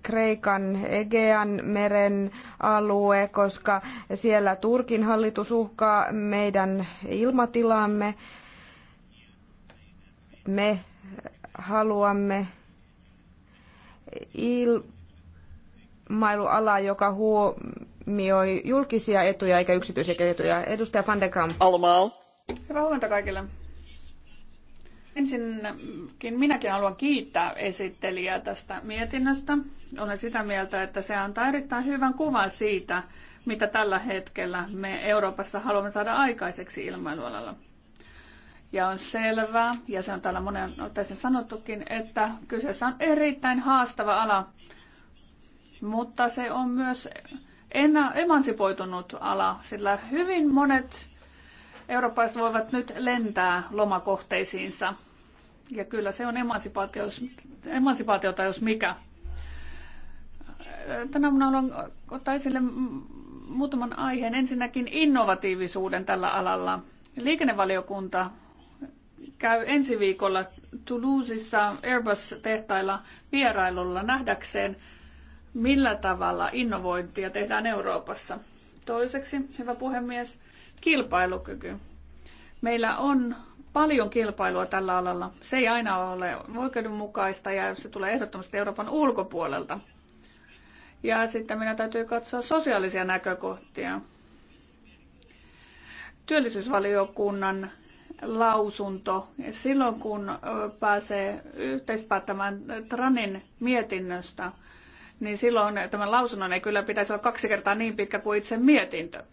Kreikan Egean meren alue, koska siellä Turkin hallitus uhkaa meidän ilmatilaamme. Me haluamme ilmailuala, joka huomioi julkisia etuja eikä yksityisiä etuja. Edustaja Van de Kamp. Allemaal. Hyvää huomenta kaikille. Ensinnäkin minäkin haluan kiittää esittelijää tästä mietinnöstä. Olen sitä mieltä, että se antaa erittäin hyvän kuvan siitä, mitä tällä hetkellä me Euroopassa haluamme saada aikaiseksi ilmailualalla. Ja on selvää, ja se on täällä monen otteeseen sanottukin, että kyseessä on erittäin haastava ala, mutta se on myös emansipoitunut ala, sillä hyvin monet eurooppalaiset voivat nyt lentää lomakohteisiinsa. Ja kyllä se on emansipaatiota, jos mikä. Tänä minä haluan ottaa esille muutaman aiheen. Ensinnäkin innovatiivisuuden tällä alalla. Liikennevaliokunta käy ensi viikolla Toulousessa Airbus-tehtailla vierailulla nähdäkseen, millä tavalla innovointia tehdään Euroopassa. Toiseksi, hyvä puhemies, kilpailukyky. Meillä on paljon kilpailua tällä alalla. Se ei aina ole oikeudenmukaista ja se tulee ehdottomasti Euroopan ulkopuolelta. Ja sitten minä täytyy katsoa sosiaalisia näkökohtia. Työllisyysvaliokunnan lausunto. Silloin kun pääsee yhteispäättämään Tranin mietinnöstä, niin silloin tämän lausunnon ei kyllä pitäisi olla kaksi kertaa niin pitkä kuin itse mietintö.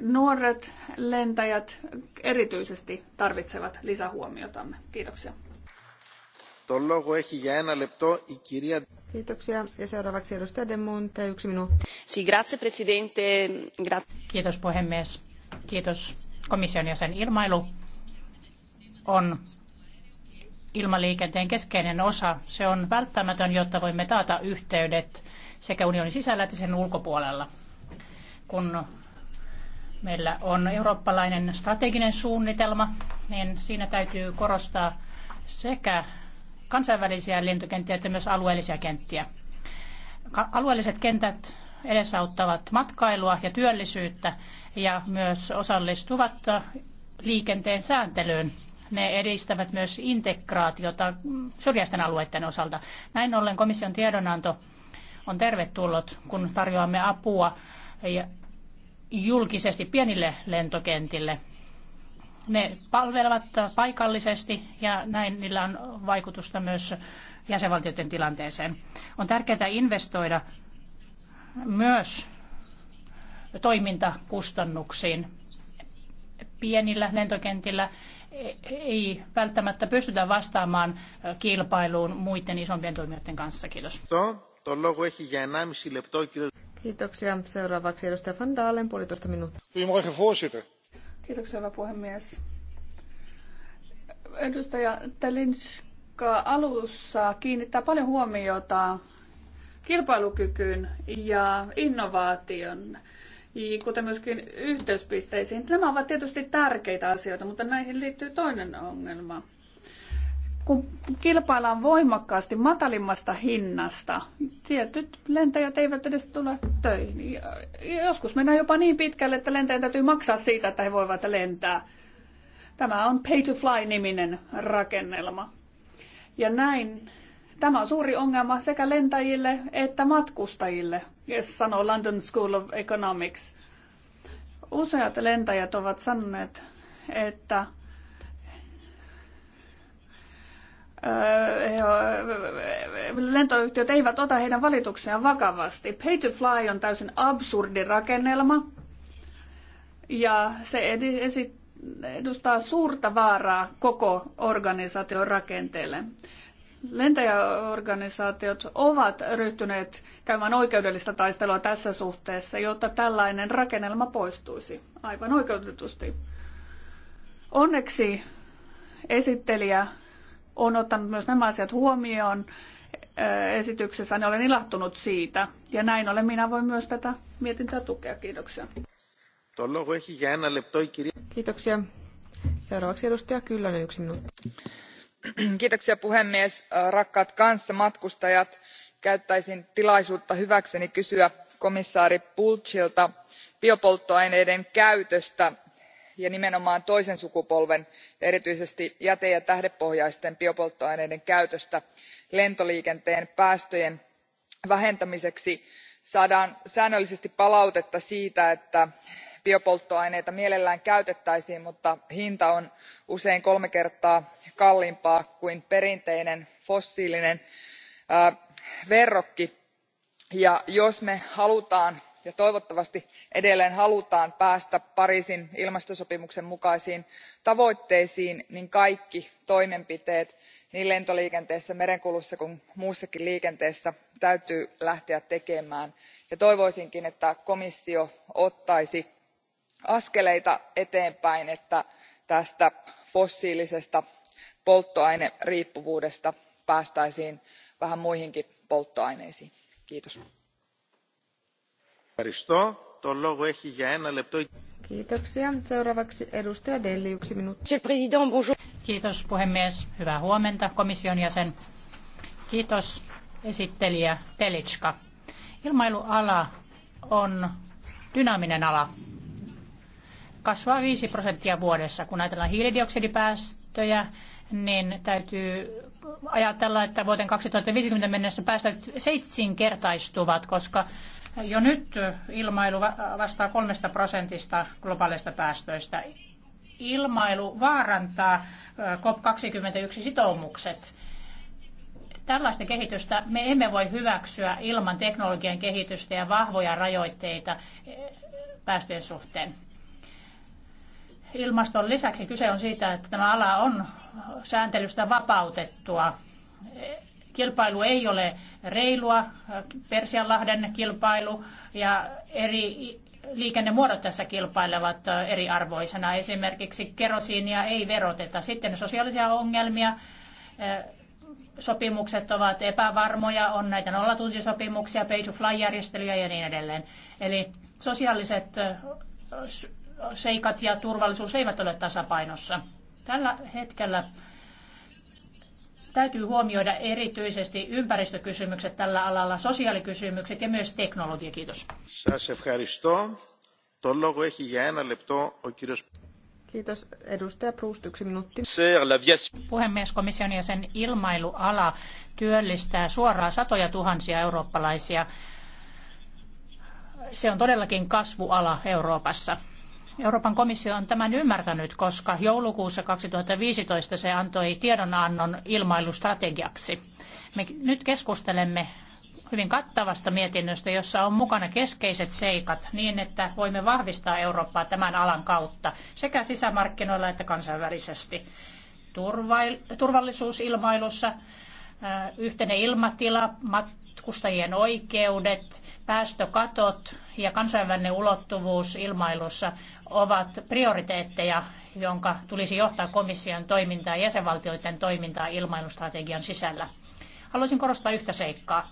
Nuoret lentäjät erityisesti tarvitsevat lisähuomiotamme. Kiitoksia. Kiitoksia. Ja seuraavaksi edustaja De Monte, yksi minuutti. Kiitos puhemies. Kiitos komission jäsen ilmailu on ilmaliikenteen keskeinen osa. Se on välttämätön, jotta voimme taata yhteydet sekä unionin sisällä että sen ulkopuolella. Kun meillä on eurooppalainen strateginen suunnitelma, niin siinä täytyy korostaa sekä kansainvälisiä lentokenttiä että myös alueellisia kenttiä. Alueelliset kentät edesauttavat matkailua ja työllisyyttä ja myös osallistuvat liikenteen sääntelyyn. Ne edistävät myös integraatiota syrjäisten alueiden osalta. Näin ollen komission tiedonanto on tervetullut, kun tarjoamme apua julkisesti pienille lentokentille. Ne palvelevat paikallisesti ja näin niillä on vaikutusta myös jäsenvaltioiden tilanteeseen. On tärkeää investoida myös toimintakustannuksiin. Pienillä lentokentillä ei välttämättä pystytä vastaamaan kilpailuun muiden isompien toimijoiden kanssa. Kiitos. Kiitoksia. Seuraavaksi edustaja Van Daalen, puolitoista minuuttia. Kiitoksia, hyvä puhemies. Edustaja Telinska alussa kiinnittää paljon huomiota kilpailukykyyn ja innovaation kuten myöskin yhteyspisteisiin. Nämä ovat tietysti tärkeitä asioita, mutta näihin liittyy toinen ongelma. Kun kilpaillaan voimakkaasti matalimmasta hinnasta, tietyt lentäjät eivät edes tule töihin. Joskus mennään jopa niin pitkälle, että lentäjän täytyy maksaa siitä, että he voivat lentää. Tämä on pay to fly-niminen rakennelma. Ja näin Tämä on suuri ongelma sekä lentäjille että matkustajille, yes, sanoo London School of Economics. Useat lentäjät ovat sanoneet, että äh, lentoyhtiöt eivät ota heidän valituksiaan vakavasti. Pay to fly on täysin absurdi rakennelma ja se edustaa suurta vaaraa koko organisaation rakenteelle lentäjäorganisaatiot ovat ryhtyneet käymään oikeudellista taistelua tässä suhteessa, jotta tällainen rakennelma poistuisi aivan oikeutetusti. Onneksi esittelijä on ottanut myös nämä asiat huomioon äh, esityksessä, niin olen ilahtunut siitä. Ja näin ollen minä voin myös tätä mietintöä tukea. Kiitoksia. Kiitoksia. Seuraavaksi edustaja Kyllönen, yksi minuutti arvoisa puhemies rakkaat kanssamatkustajat käyttäisin tilaisuutta hyväkseni kysyä komissaari bulcilta biopolttoaineiden käytöstä ja nimenomaan toisen sukupolven erityisesti jäte ja tähdepohjaisten biopolttoaineiden käytöstä lentoliikenteen päästöjen vähentämiseksi. saadaan säännöllisesti palautetta siitä että biopolttoaineita mielellään käytettäisiin mutta hinta on usein kolme kertaa kalliimpaa kuin perinteinen fossiilinen verrokki ja jos me haluamme ja toivottavasti edelleen haluamme päästä pariisin ilmastosopimuksen mukaisiin tavoitteisiin niin kaikki toimenpiteet niin lentoliikenteessä merenkulussa kuin muussakin liikenteessä täytyy lähteä tekemään ja toivoisinkin että komissio ottaisi askeleita eteenpäin että tästä fossiilisesta polttoaineriippuvuudesta päästäisiin vähän muihinkin polttoaineisiin. kiitos. Kiitoksia. Seuraavaksi Kiitos puhemies. Hyvää huomenta komission jäsen. Kiitos esittelijä Telitska. Ilmailuala on dynaaminen ala kasvaa 5 prosenttia vuodessa. Kun ajatellaan hiilidioksidipäästöjä, niin täytyy ajatella, että vuoteen 2050 mennessä päästöt seitsinkertaistuvat, koska jo nyt ilmailu vastaa kolmesta prosentista globaaleista päästöistä. Ilmailu vaarantaa COP21 sitoumukset. Tällaista kehitystä me emme voi hyväksyä ilman teknologian kehitystä ja vahvoja rajoitteita päästöjen suhteen ilmaston lisäksi kyse on siitä, että tämä ala on sääntelystä vapautettua. Kilpailu ei ole reilua, Persianlahden kilpailu ja eri liikennemuodot tässä kilpailevat eriarvoisena. Esimerkiksi kerosiinia ei veroteta. Sitten sosiaalisia ongelmia, sopimukset ovat epävarmoja, on näitä nollatuntisopimuksia, pay to fly järjestelyjä ja niin edelleen. Eli sosiaaliset seikat ja turvallisuus eivät ole tasapainossa. Tällä hetkellä täytyy huomioida erityisesti ympäristökysymykset tällä alalla, sosiaalikysymykset ja myös teknologia. Kiitos. Kiitos. Edustaja Proust, yksi minuutti. Puhemies, komission ja sen ilmailuala työllistää suoraan satoja tuhansia eurooppalaisia. Se on todellakin kasvuala Euroopassa Euroopan komissio on tämän ymmärtänyt, koska joulukuussa 2015 se antoi tiedonannon ilmailustrategiaksi. Me nyt keskustelemme hyvin kattavasta mietinnöstä, jossa on mukana keskeiset seikat niin, että voimme vahvistaa Eurooppaa tämän alan kautta sekä sisämarkkinoilla että kansainvälisesti. Turvallisuus ilmailussa, äh, yhteinen ilmatila, matkustajien oikeudet, päästökatot ja kansainvälinen ulottuvuus ilmailussa ovat prioriteetteja, jonka tulisi johtaa komission toimintaa ja jäsenvaltioiden toimintaa ilmailustrategian sisällä. Haluaisin korostaa yhtä seikkaa.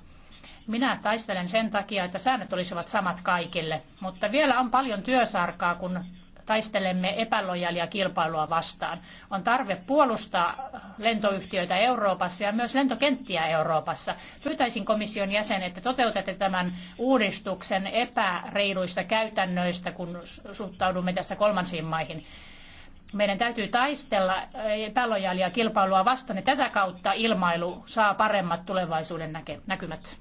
Minä taistelen sen takia, että säännöt olisivat samat kaikille, mutta vielä on paljon työsarkaa, kun taistelemme epälojalia kilpailua vastaan. On tarve puolustaa lentoyhtiöitä Euroopassa ja myös lentokenttiä Euroopassa. Pyytäisin komission jäsen, että toteutatte tämän uudistuksen epäreiluista käytännöistä, kun suhtaudumme tässä kolmansiin maihin meidän täytyy taistella epälojalia kilpailua vastaan, ja tätä kautta ilmailu saa paremmat tulevaisuuden näkymät.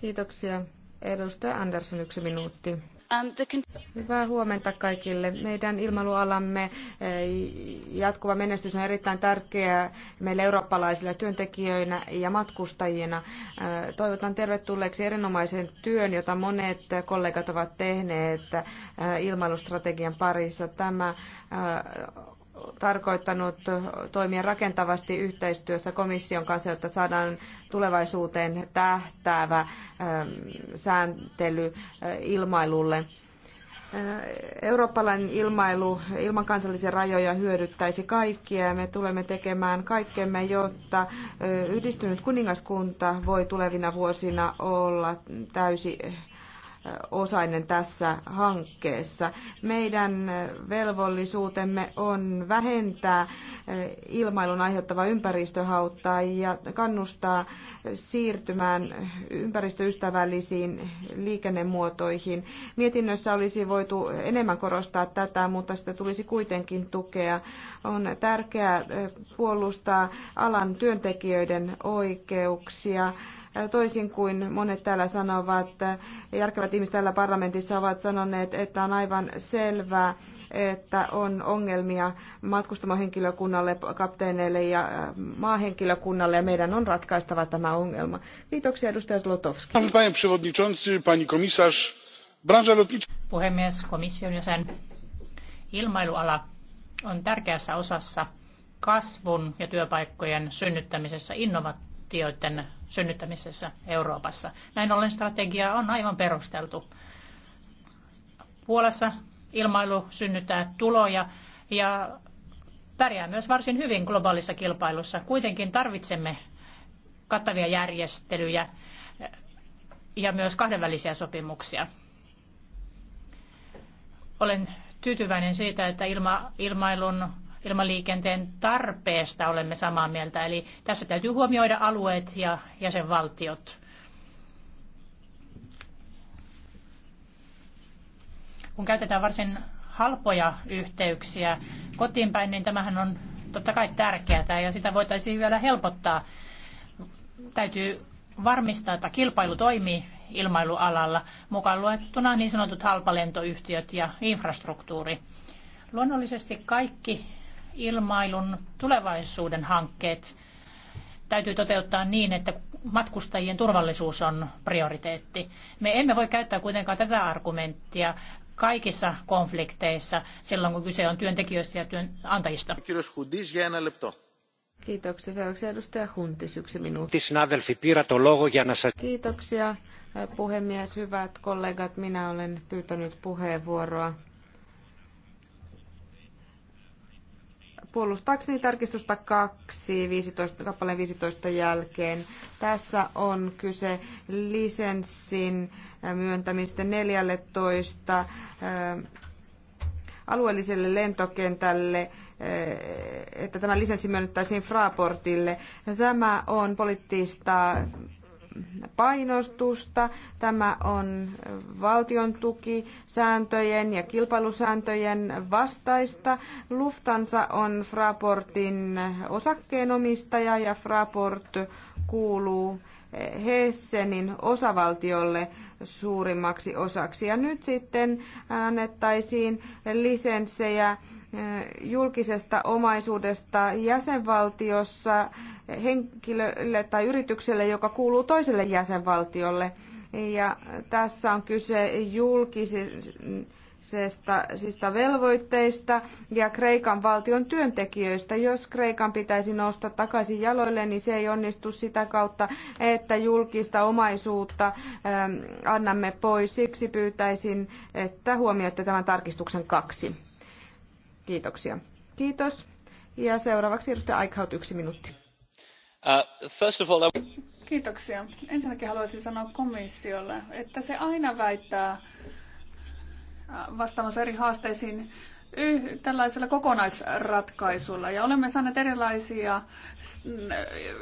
Kiitoksia. Edustaja Andersson, yksi minuutti. Um, Hyvää huomenta kaikille. Meidän ilmailualamme eh, jatkuva menestys on erittäin tärkeää meille eurooppalaisille työntekijöinä ja matkustajina. Eh, toivotan tervetulleeksi erinomaisen työn, jota monet kollegat ovat tehneet eh, ilmailustrategian parissa. Tämä tarkoittanut toimia rakentavasti yhteistyössä komission kanssa, jotta saadaan tulevaisuuteen tähtäävä ähm, sääntely äh, ilmailulle. Äh, eurooppalainen ilmailu ilman kansallisia rajoja hyödyttäisi kaikkia ja me tulemme tekemään kaikkemme, jotta äh, yhdistynyt kuningaskunta voi tulevina vuosina olla täysi osainen tässä hankkeessa. Meidän velvollisuutemme on vähentää eh, ilmailun aiheuttavaa ympäristöhauttaa ja kannustaa siirtymään ympäristöystävällisiin liikennemuotoihin. Mietinnössä olisi voitu enemmän korostaa tätä, mutta sitä tulisi kuitenkin tukea. On tärkeää eh, puolustaa alan työntekijöiden oikeuksia Toisin kuin monet täällä sanovat, järkevät ihmiset täällä parlamentissa ovat sanoneet, että on aivan selvää, että on ongelmia matkustamohenkilökunnalle, kapteeneille ja maahenkilökunnalle ja meidän on ratkaistava tämä ongelma. Kiitoksia edustaja Zlotowski. Panie przewodniczący, pani komisarz, branża lotnicza... Puhemies, komission jäsen. Ilmailuala on tärkeässä osassa kasvun ja työpaikkojen synnyttämisessä innova- valtioiden synnyttämisessä Euroopassa. Näin ollen strategia on aivan perusteltu. Puolassa ilmailu synnyttää tuloja ja pärjää myös varsin hyvin globaalissa kilpailussa. Kuitenkin tarvitsemme kattavia järjestelyjä ja myös kahdenvälisiä sopimuksia. Olen tyytyväinen siitä, että ilma, ilmailun ilmaliikenteen tarpeesta olemme samaa mieltä. Eli tässä täytyy huomioida alueet ja jäsenvaltiot. Kun käytetään varsin halpoja yhteyksiä kotiin päin, niin tämähän on totta kai tärkeää ja sitä voitaisiin vielä helpottaa. Täytyy varmistaa, että kilpailu toimii ilmailualalla, mukaan luettuna niin sanotut halpalentoyhtiöt ja infrastruktuuri. Luonnollisesti kaikki ilmailun tulevaisuuden hankkeet täytyy toteuttaa niin, että matkustajien turvallisuus on prioriteetti. Me emme voi käyttää kuitenkaan tätä argumenttia kaikissa konflikteissa silloin, kun kyse on työntekijöistä ja työnantajista. Kiitoksia. Seuraavaksi edustaja Huntis, yksi minuutti. Kiitoksia puhemies, hyvät kollegat. Minä olen pyytänyt puheenvuoroa puolustaakseni tarkistusta 2 15, kappaleen 15 jälkeen. Tässä on kyse lisenssin äh, myöntämistä 14 äh, alueelliselle lentokentälle, äh, että tämä lisenssi myönnettäisiin Fraportille. Tämä on poliittista painostusta. Tämä on valtion tuki sääntöjen ja kilpailusääntöjen vastaista. Luftansa on Fraportin osakkeenomistaja ja Fraport kuuluu Hessenin osavaltiolle suurimmaksi osaksi. Ja nyt sitten annettaisiin lisenssejä julkisesta omaisuudesta jäsenvaltiossa henkilölle tai yritykselle, joka kuuluu toiselle jäsenvaltiolle. Ja tässä on kyse julkisista siis velvoitteista ja Kreikan valtion työntekijöistä. Jos Kreikan pitäisi nousta takaisin jaloille, niin se ei onnistu sitä kautta, että julkista omaisuutta annamme pois. Siksi pyytäisin, että huomioitte tämän tarkistuksen kaksi. Kiitoksia. Kiitos. Ja seuraavaksi edustaja Aikhaut, yksi minuutti. Uh, Kiitoksia. Ensinnäkin haluaisin sanoa komissiolle, että se aina väittää uh, vastaamassa eri haasteisiin yh, tällaisella kokonaisratkaisulla. Ja olemme saaneet erilaisia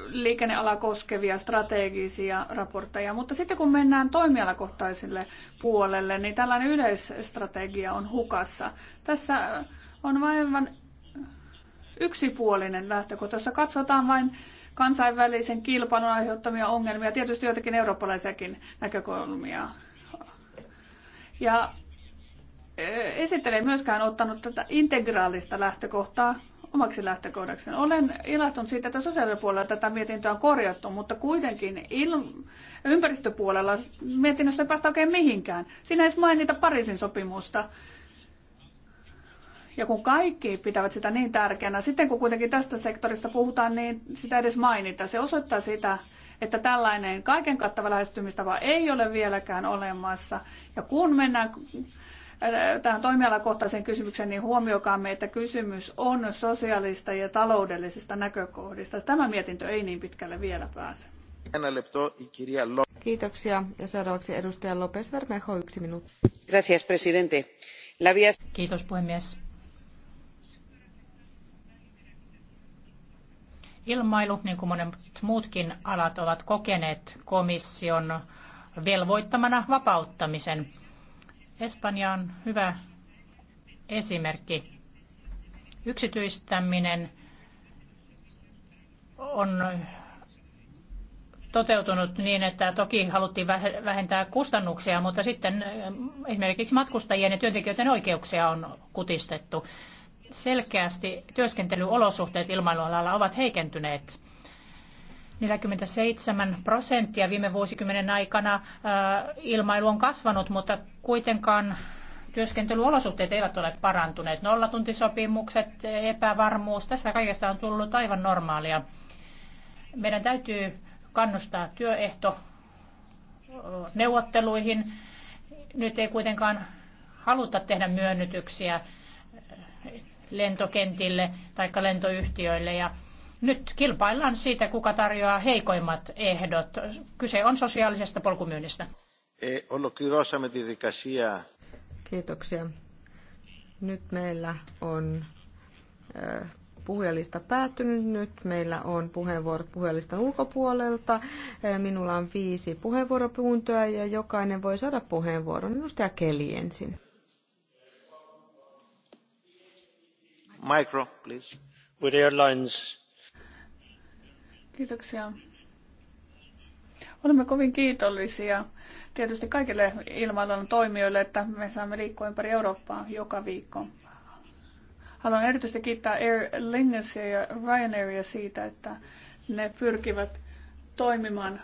liikenneala koskevia strategisia raportteja, mutta sitten kun mennään toimialakohtaiselle puolelle, niin tällainen yleisstrategia on hukassa. Tässä uh, on vain yksipuolinen lähtökohta, jossa katsotaan vain kansainvälisen kilpailun aiheuttamia ongelmia, tietysti joitakin eurooppalaisiakin näkökulmia. Ja eh, esittelen myöskään ottanut tätä integraalista lähtökohtaa omaksi lähtökohdaksi. Olen ilahtunut siitä, että sosiaalipuolella tätä mietintöä on korjattu, mutta kuitenkin il- ympäristöpuolella mietinnössä ei päästä oikein mihinkään. Siinä ei edes mainita Pariisin sopimusta. Ja kun kaikki pitävät sitä niin tärkeänä, sitten kun kuitenkin tästä sektorista puhutaan, niin sitä edes mainita. Se osoittaa sitä, että tällainen kaiken kattava lähestymistapa ei ole vieläkään olemassa. Ja kun mennään äh, tähän toimialakohtaiseen kysymykseen, niin huomioikaamme, että kysymys on sosiaalista ja taloudellisista näkökohdista. Tämä mietintö ei niin pitkälle vielä pääse. Kiitoksia. Ja seuraavaksi edustaja López Vermejo yksi minuutti. Gracias, presidente. Kiitos puhemies. Ilmailu, niin kuin monet muutkin alat, ovat kokeneet komission velvoittamana vapauttamisen. Espanja on hyvä esimerkki. Yksityistäminen on toteutunut niin, että toki haluttiin vähentää kustannuksia, mutta sitten eh, esimerkiksi matkustajien ja työntekijöiden oikeuksia on kutistettu selkeästi työskentelyolosuhteet ilmailualalla ovat heikentyneet. 47 prosenttia viime vuosikymmenen aikana äh, ilmailu on kasvanut, mutta kuitenkaan työskentelyolosuhteet eivät ole parantuneet. Nollatuntisopimukset, epävarmuus, tässä kaikesta on tullut aivan normaalia. Meidän täytyy kannustaa työehto äh, neuvotteluihin. Nyt ei kuitenkaan haluta tehdä myönnytyksiä lentokentille tai lentoyhtiöille ja nyt kilpaillaan siitä, kuka tarjoaa heikoimmat ehdot. Kyse on sosiaalisesta polkumyynnistä. Kiitoksia. Nyt meillä on puhujalista päättynyt. Nyt meillä on puheenvuorot puhujalistan ulkopuolelta. Minulla on viisi puheenvuoropyyntöä ja jokainen voi saada puheenvuoron. Edustaja Keli ensin. Micro, please. With airlines. Kiitoksia. Olemme kovin kiitollisia tietysti kaikille ilmailualan toimijoille, että me saamme liikkua ympäri Eurooppaa joka viikko. Haluan erityisesti kiittää Air Lingusia ja Ryanairia siitä, että ne pyrkivät toimimaan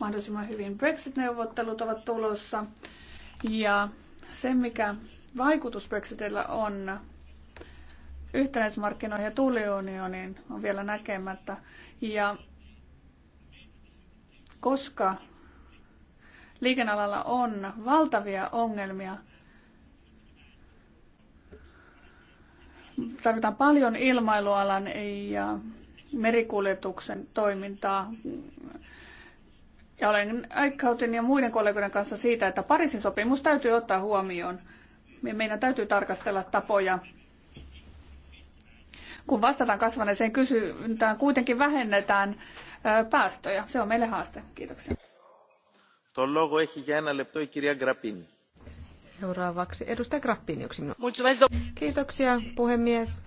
mahdollisimman hyvin. Brexit-neuvottelut ovat tulossa ja se, mikä vaikutus Brexitillä on yhtenäismarkkinoihin ja tulliunioniin on vielä näkemättä. Ja koska liikennealalla on valtavia ongelmia, tarvitaan paljon ilmailualan ja merikuljetuksen toimintaa. Ja olen Aikautin ja muiden kollegoiden kanssa siitä, että Pariisin sopimus täytyy ottaa huomioon. Meidän täytyy tarkastella tapoja kun vastataan kasvaneeseen kysyntään, kuitenkin vähennetään päästöjä. Se on meille haaste. Kiitoksia. Το λόγο έχει για ένα λεπτό η κυρία Γραπίνη. Seuraavaksi edustaja Grappin yksi minuutti. Kiitoksia puhemies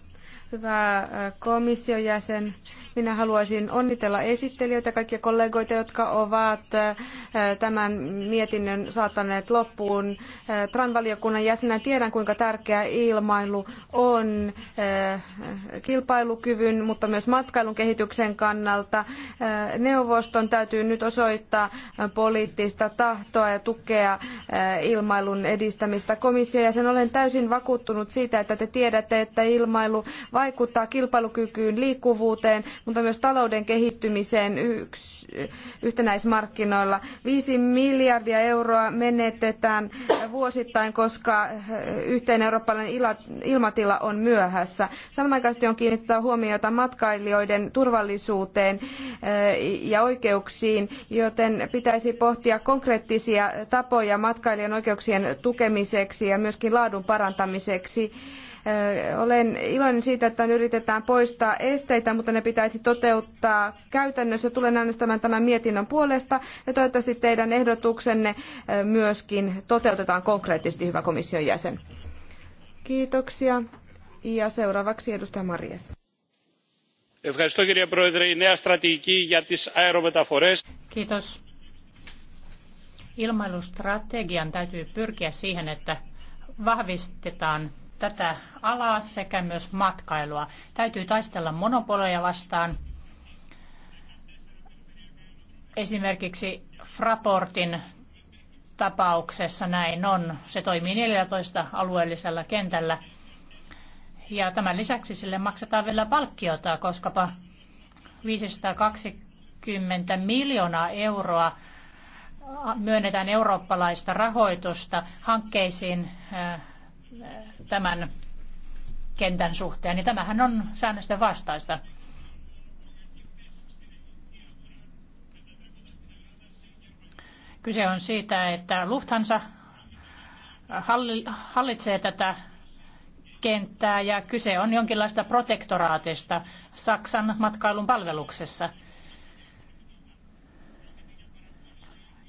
hyvä äh, komission jäsen. Minä haluaisin onnitella esittelijöitä ja kaikkia kollegoita, jotka ovat äh, tämän mietinnön saattaneet loppuun. Äh, Tran-valiokunnan jäsenä tiedän, kuinka tärkeä ilmailu on kilpailukyvyn, mutta myös matkailun kehityksen kannalta. Neuvoston täytyy nyt osoittaa poliittista tahtoa ja tukea ilmailun edistämistä. Komission jäsen, olen täysin vakuuttunut siitä, että te tiedätte, että ilmailu vaikuttaa kilpailukykyyn, liikkuvuuteen, mutta myös talouden kehittymiseen yhtenäismarkkinoilla. Viisi miljardia euroa menetetään vuosittain, koska yhteinen eurooppalainen ilmatila on myöhässä. Samanaikaisesti on kiinnitettävä huomiota matkailijoiden turvallisuuteen eh, ja oikeuksiin, joten pitäisi pohtia konkreettisia tapoja matkailijan oikeuksien tukemiseksi ja myöskin laadun parantamiseksi. Olen iloinen siitä, että yritetään poistaa esteitä, mutta ne pitäisi toteuttaa käytännössä. Tulen äänestämään tämän mietinnön puolesta ja toivottavasti teidän ehdotuksenne myöskin toteutetaan konkreettisesti, hyvä komission jäsen. Kiitoksia. Ja seuraavaksi edustaja Marjes. Kiitos. Ilmailustrategian täytyy pyrkiä siihen, että vahvistetaan tätä alaa sekä myös matkailua. Täytyy taistella monopoleja vastaan. Esimerkiksi Fraportin tapauksessa näin on. Se toimii 14 alueellisella kentällä. Ja tämän lisäksi sille maksetaan vielä palkkiota, koskapa 520 miljoonaa euroa myönnetään eurooppalaista rahoitusta hankkeisiin äh, tämän kentän suhteen, niin tämähän on säännösten vastaista. Kyse on siitä, että Lufthansa hallitsee tätä kenttää ja kyse on jonkinlaista protektoraatista Saksan matkailun palveluksessa.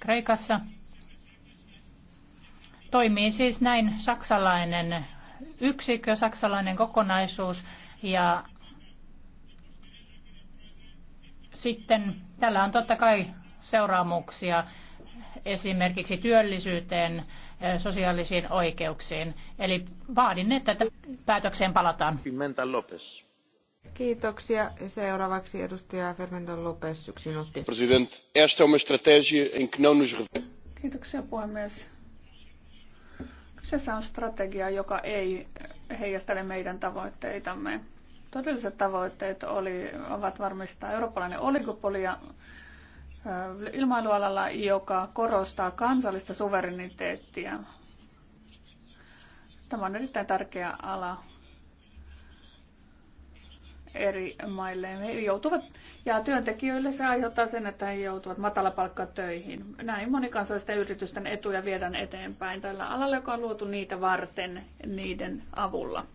Kreikassa toimii siis näin saksalainen yksikkö, saksalainen kokonaisuus ja sitten tällä on totta kai seuraamuksia esimerkiksi työllisyyteen, eh, sosiaalisiin oikeuksiin. Eli vaadin, että päätökseen palataan. Pimenta Lopes. Kiitoksia. Seuraavaksi edustaja Fernando Lopes, yksi minuutti. President, esta on strategia, que não nos... Kiitoksia puhemies. Kyseessä on strategia, joka ei heijastele meidän tavoitteitamme. Todelliset tavoitteet oli, ovat varmistaa eurooppalainen oligopoli ja ilmailualalla, joka korostaa kansallista suvereniteettia. Tämä on erittäin tärkeä ala eri maille. He joutuvat, ja työntekijöille se aiheuttaa sen, että he joutuvat töihin. Näin monikansallisten yritysten etuja viedään eteenpäin tällä alalla, joka on luotu niitä varten niiden avulla.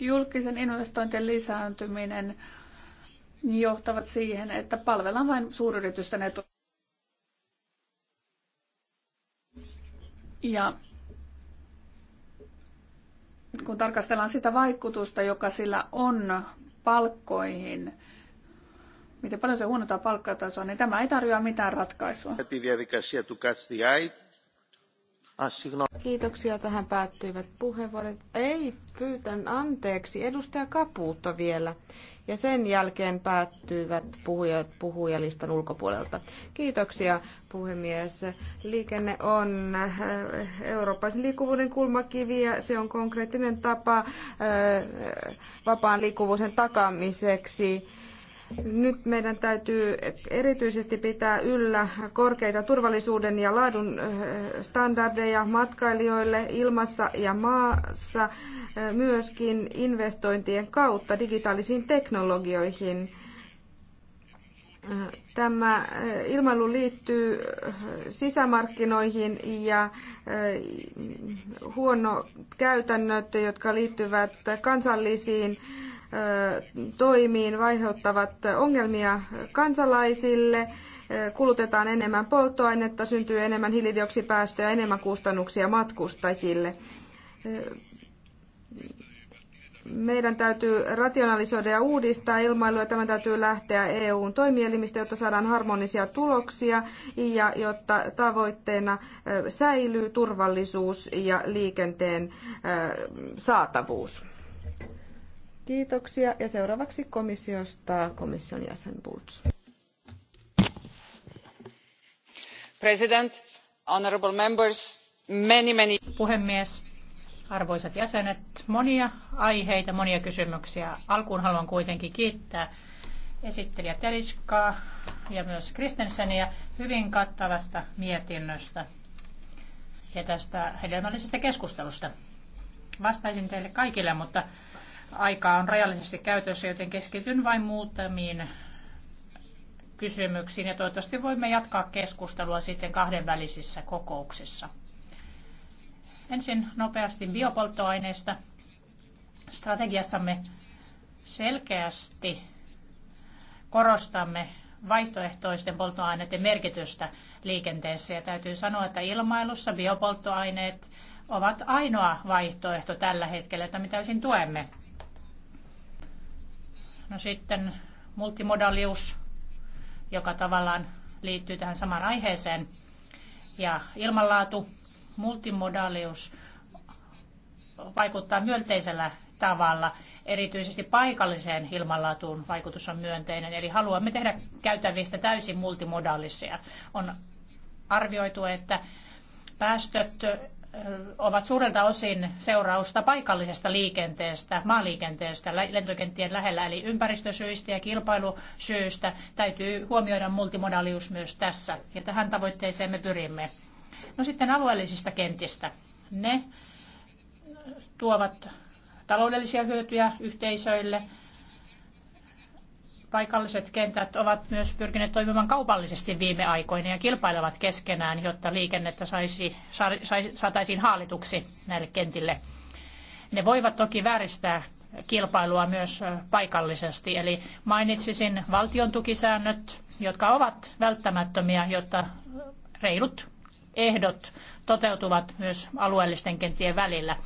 Julkisen investointien lisääntyminen johtavat siihen, että palvellaan vain suuryritysten etuja. Ja kun tarkastellaan sitä vaikutusta, joka sillä on palkkoihin, miten paljon se huonontaa palkkatasoa, niin tämä ei tarjoa mitään ratkaisua. Kiitoksia. Tähän päättyivät puheenvuorot. Ei, pyytän anteeksi. Edustaja Kapuutta vielä. Ja sen jälkeen päättyivät puhujat puhujalistan ulkopuolelta. Kiitoksia puhemies. Liikenne on äh, Euroopan liikkuvuuden kulmakivi ja se on konkreettinen tapa äh, vapaan liikkuvuuden takaamiseksi nyt meidän täytyy erityisesti pitää yllä korkeita turvallisuuden ja laadun eh, standardeja matkailijoille ilmassa ja maassa, eh, myöskin investointien kautta digitaalisiin teknologioihin. Eh, tämä ilmailu liittyy sisämarkkinoihin ja huono käytännöt, jotka liittyvät kansallisiin toimiin vaiheuttavat ongelmia kansalaisille, kulutetaan enemmän polttoainetta, syntyy enemmän hiilidioksipäästöjä, enemmän kustannuksia matkustajille. Meidän täytyy rationalisoida ja uudistaa ilmailua ja tämän täytyy lähteä EUn toimielimistä, jotta saadaan harmonisia tuloksia ja jotta tavoitteena säilyy turvallisuus ja liikenteen saatavuus. Kiitoksia. Ja seuraavaksi komissiosta komission jäsen Bulc. President, honorable members, many, many... Puhemies, arvoisat jäsenet, monia aiheita, monia kysymyksiä. Alkuun haluan kuitenkin kiittää esittelijä Teliskaa ja myös Kristenseniä hyvin kattavasta mietinnöstä ja tästä hedelmällisestä keskustelusta. Vastaisin teille kaikille, mutta aikaa on rajallisesti käytössä, joten keskityn vain muutamiin kysymyksiin ja toivottavasti voimme jatkaa keskustelua sitten kahdenvälisissä kokouksissa. Ensin nopeasti biopolttoaineista. Strategiassamme selkeästi korostamme vaihtoehtoisten polttoaineiden merkitystä liikenteessä. Ja täytyy sanoa, että ilmailussa biopolttoaineet ovat ainoa vaihtoehto tällä hetkellä, jota me täysin tuemme. No sitten multimodalius, joka tavallaan liittyy tähän samaan aiheeseen. Ja ilmanlaatu, multimodalius vaikuttaa myönteisellä tavalla. Erityisesti paikalliseen ilmanlaatuun vaikutus on myönteinen, eli haluamme tehdä käytävistä täysin multimodaalisia. On arvioitu, että päästöt ovat suurelta osin seurausta paikallisesta liikenteestä, maaliikenteestä lentokenttien lähellä, eli ympäristösyistä ja kilpailusyistä täytyy huomioida multimodaalius myös tässä, ja tähän tavoitteeseen me pyrimme. No sitten alueellisista kentistä. Ne tuovat taloudellisia hyötyjä yhteisöille, paikalliset kentät ovat myös pyrkineet toimimaan kaupallisesti viime aikoina ja kilpailevat keskenään, jotta liikennettä saisi, sa, sa, saataisiin hallituksi näille kentille. Ne voivat toki vääristää kilpailua myös paikallisesti, eli mainitsisin valtion tukisäännöt, jotka ovat välttämättömiä, jotta reilut ehdot toteutuvat myös alueellisten kenttien välillä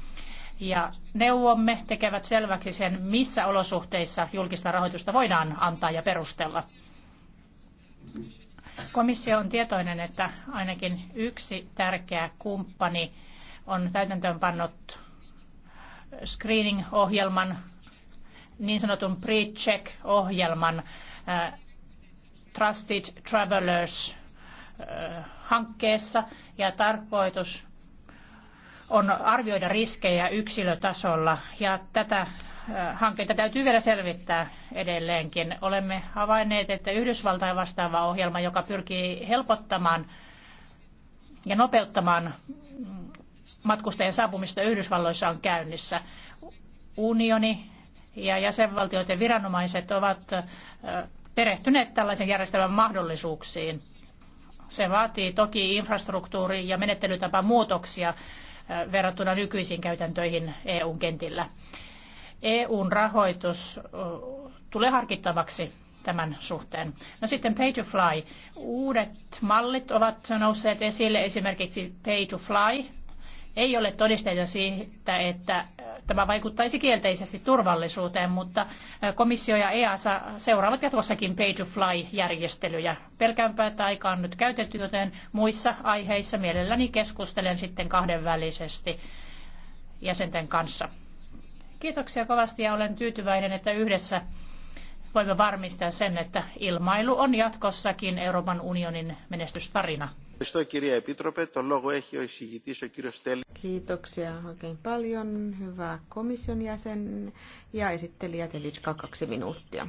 ja neuvomme tekevät selväksi sen, missä olosuhteissa julkista rahoitusta voidaan antaa ja perustella. Komissio on tietoinen, että ainakin yksi tärkeä kumppani on täytäntöönpannut screening-ohjelman, niin sanotun pre-check-ohjelman, äh, Trusted Travelers äh, hankkeessa ja tarkoitus on arvioida riskejä yksilötasolla ja tätä äh, hankkeita täytyy vielä selvittää edelleenkin. Olemme havainneet, että Yhdysvaltain vastaava ohjelma, joka pyrkii helpottamaan ja nopeuttamaan matkustajien saapumista Yhdysvalloissa on käynnissä. Unioni ja jäsenvaltiot ja viranomaiset ovat äh, perehtyneet tällaisen järjestelmän mahdollisuuksiin. Se vaatii toki infrastruktuuri- ja menettelytapamuutoksia, muutoksia verrattuna nykyisiin käytäntöihin EUn kentillä. EUn rahoitus tulee harkittavaksi tämän suhteen. No sitten Pay to Fly. Uudet mallit ovat nousseet esille, esimerkiksi Pay to Fly. Ei ole todisteita siitä, että tämä vaikuttaisi kielteisesti turvallisuuteen, mutta komissio ja EASA seuraavat jatkossakin pay-to-fly-järjestelyjä. Pelkäänpä, että aika on nyt käytetty, joten muissa aiheissa mielelläni keskustelen sitten kahdenvälisesti jäsenten kanssa. Kiitoksia kovasti ja olen tyytyväinen, että yhdessä voimme varmistaa sen, että ilmailu on jatkossakin Euroopan unionin menestystarina. Kiitoksia oikein paljon, hyvä komission jäsen ja esittelijä Telitska kaksi minuuttia.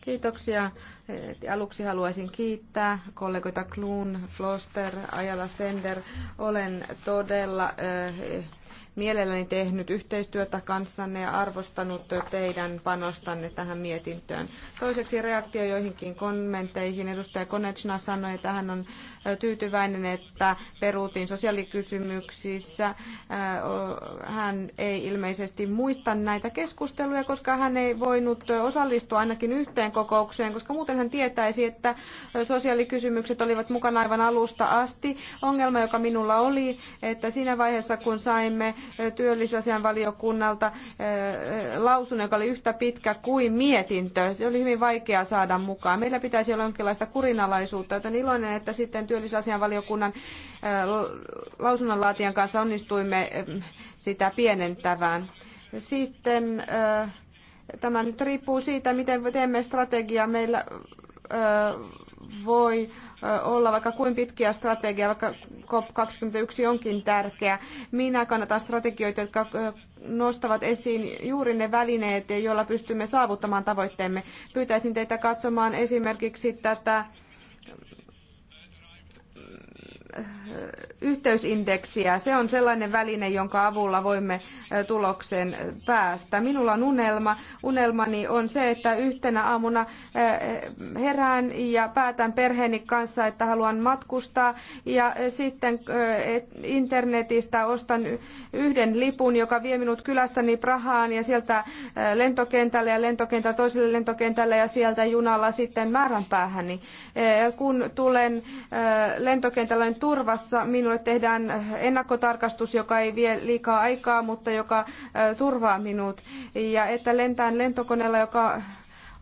Kiitoksia. Eh, aluksi haluaisin kiittää kollegoita Kluun, Floster, Ajala Sender. Olen todella eh, mielelläni tehnyt yhteistyötä kanssanne ja arvostanut teidän panostanne tähän mietintöön. Toiseksi reaktio joihinkin kommentteihin. Edustaja Konechna sanoi, että hän on tyytyväinen, että peruutin sosiaalikysymyksissä. Hän ei ilmeisesti muista näitä keskusteluja, koska hän ei voinut osallistua ainakin yhteen kokoukseen, koska muuten hän tietäisi, että sosiaalikysymykset olivat mukana aivan alusta asti. Ongelma, joka minulla oli, että siinä vaiheessa, kun saimme työllisyysasian valiokunnalta lausun, joka oli yhtä pitkä kuin mietintö, se oli hyvin vaikea saada mukaan. Meillä pitäisi olla jonkinlaista kurinalaisuutta, joten iloinen, että sitten työllisyysasianvaliokunnan lausunnonlaatijan kanssa onnistuimme sitä pienentävään. Sitten tämä nyt riippuu siitä, miten teemme strategiaa. Meillä voi olla vaikka kuin pitkiä strategia, vaikka COP21 onkin tärkeä. Minä kannatan strategioita, jotka nostavat esiin juuri ne välineet, joilla pystymme saavuttamaan tavoitteemme. Pyytäisin teitä katsomaan esimerkiksi tätä yhteysindeksiä. Se on sellainen väline, jonka avulla voimme tuloksen päästä. Minulla on unelma. Unelmani on se, että yhtenä aamuna herään ja päätän perheeni kanssa, että haluan matkustaa. Ja sitten internetistä ostan yhden lipun, joka vie minut kylästäni Prahaan ja sieltä lentokentälle ja lentokentä toiselle lentokentälle ja sieltä junalla sitten määränpäähäni. Kun tulen lentokentällä, niin turvassa. Minulle tehdään ennakkotarkastus, joka ei vie liikaa aikaa, mutta joka turvaa minut. Ja että lentään lentokoneella, joka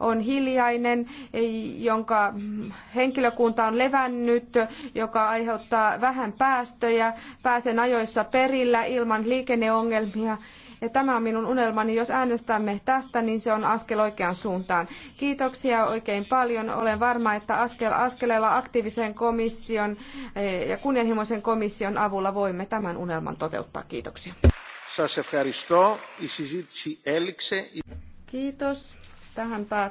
on hiljainen, jonka henkilökunta on levännyt, joka aiheuttaa vähän päästöjä, pääsen ajoissa perillä ilman liikenneongelmia ja tämä on minun unelmani. Jos äänestämme tästä, niin se on askel oikeaan suuntaan. Kiitoksia oikein paljon. Olen varma, että askel askeleella aktiivisen komission eh, ja kunnianhimoisen komission avulla voimme tämän unelman toteuttaa. Kiitoksia. Kiitos. Tähän päättyy.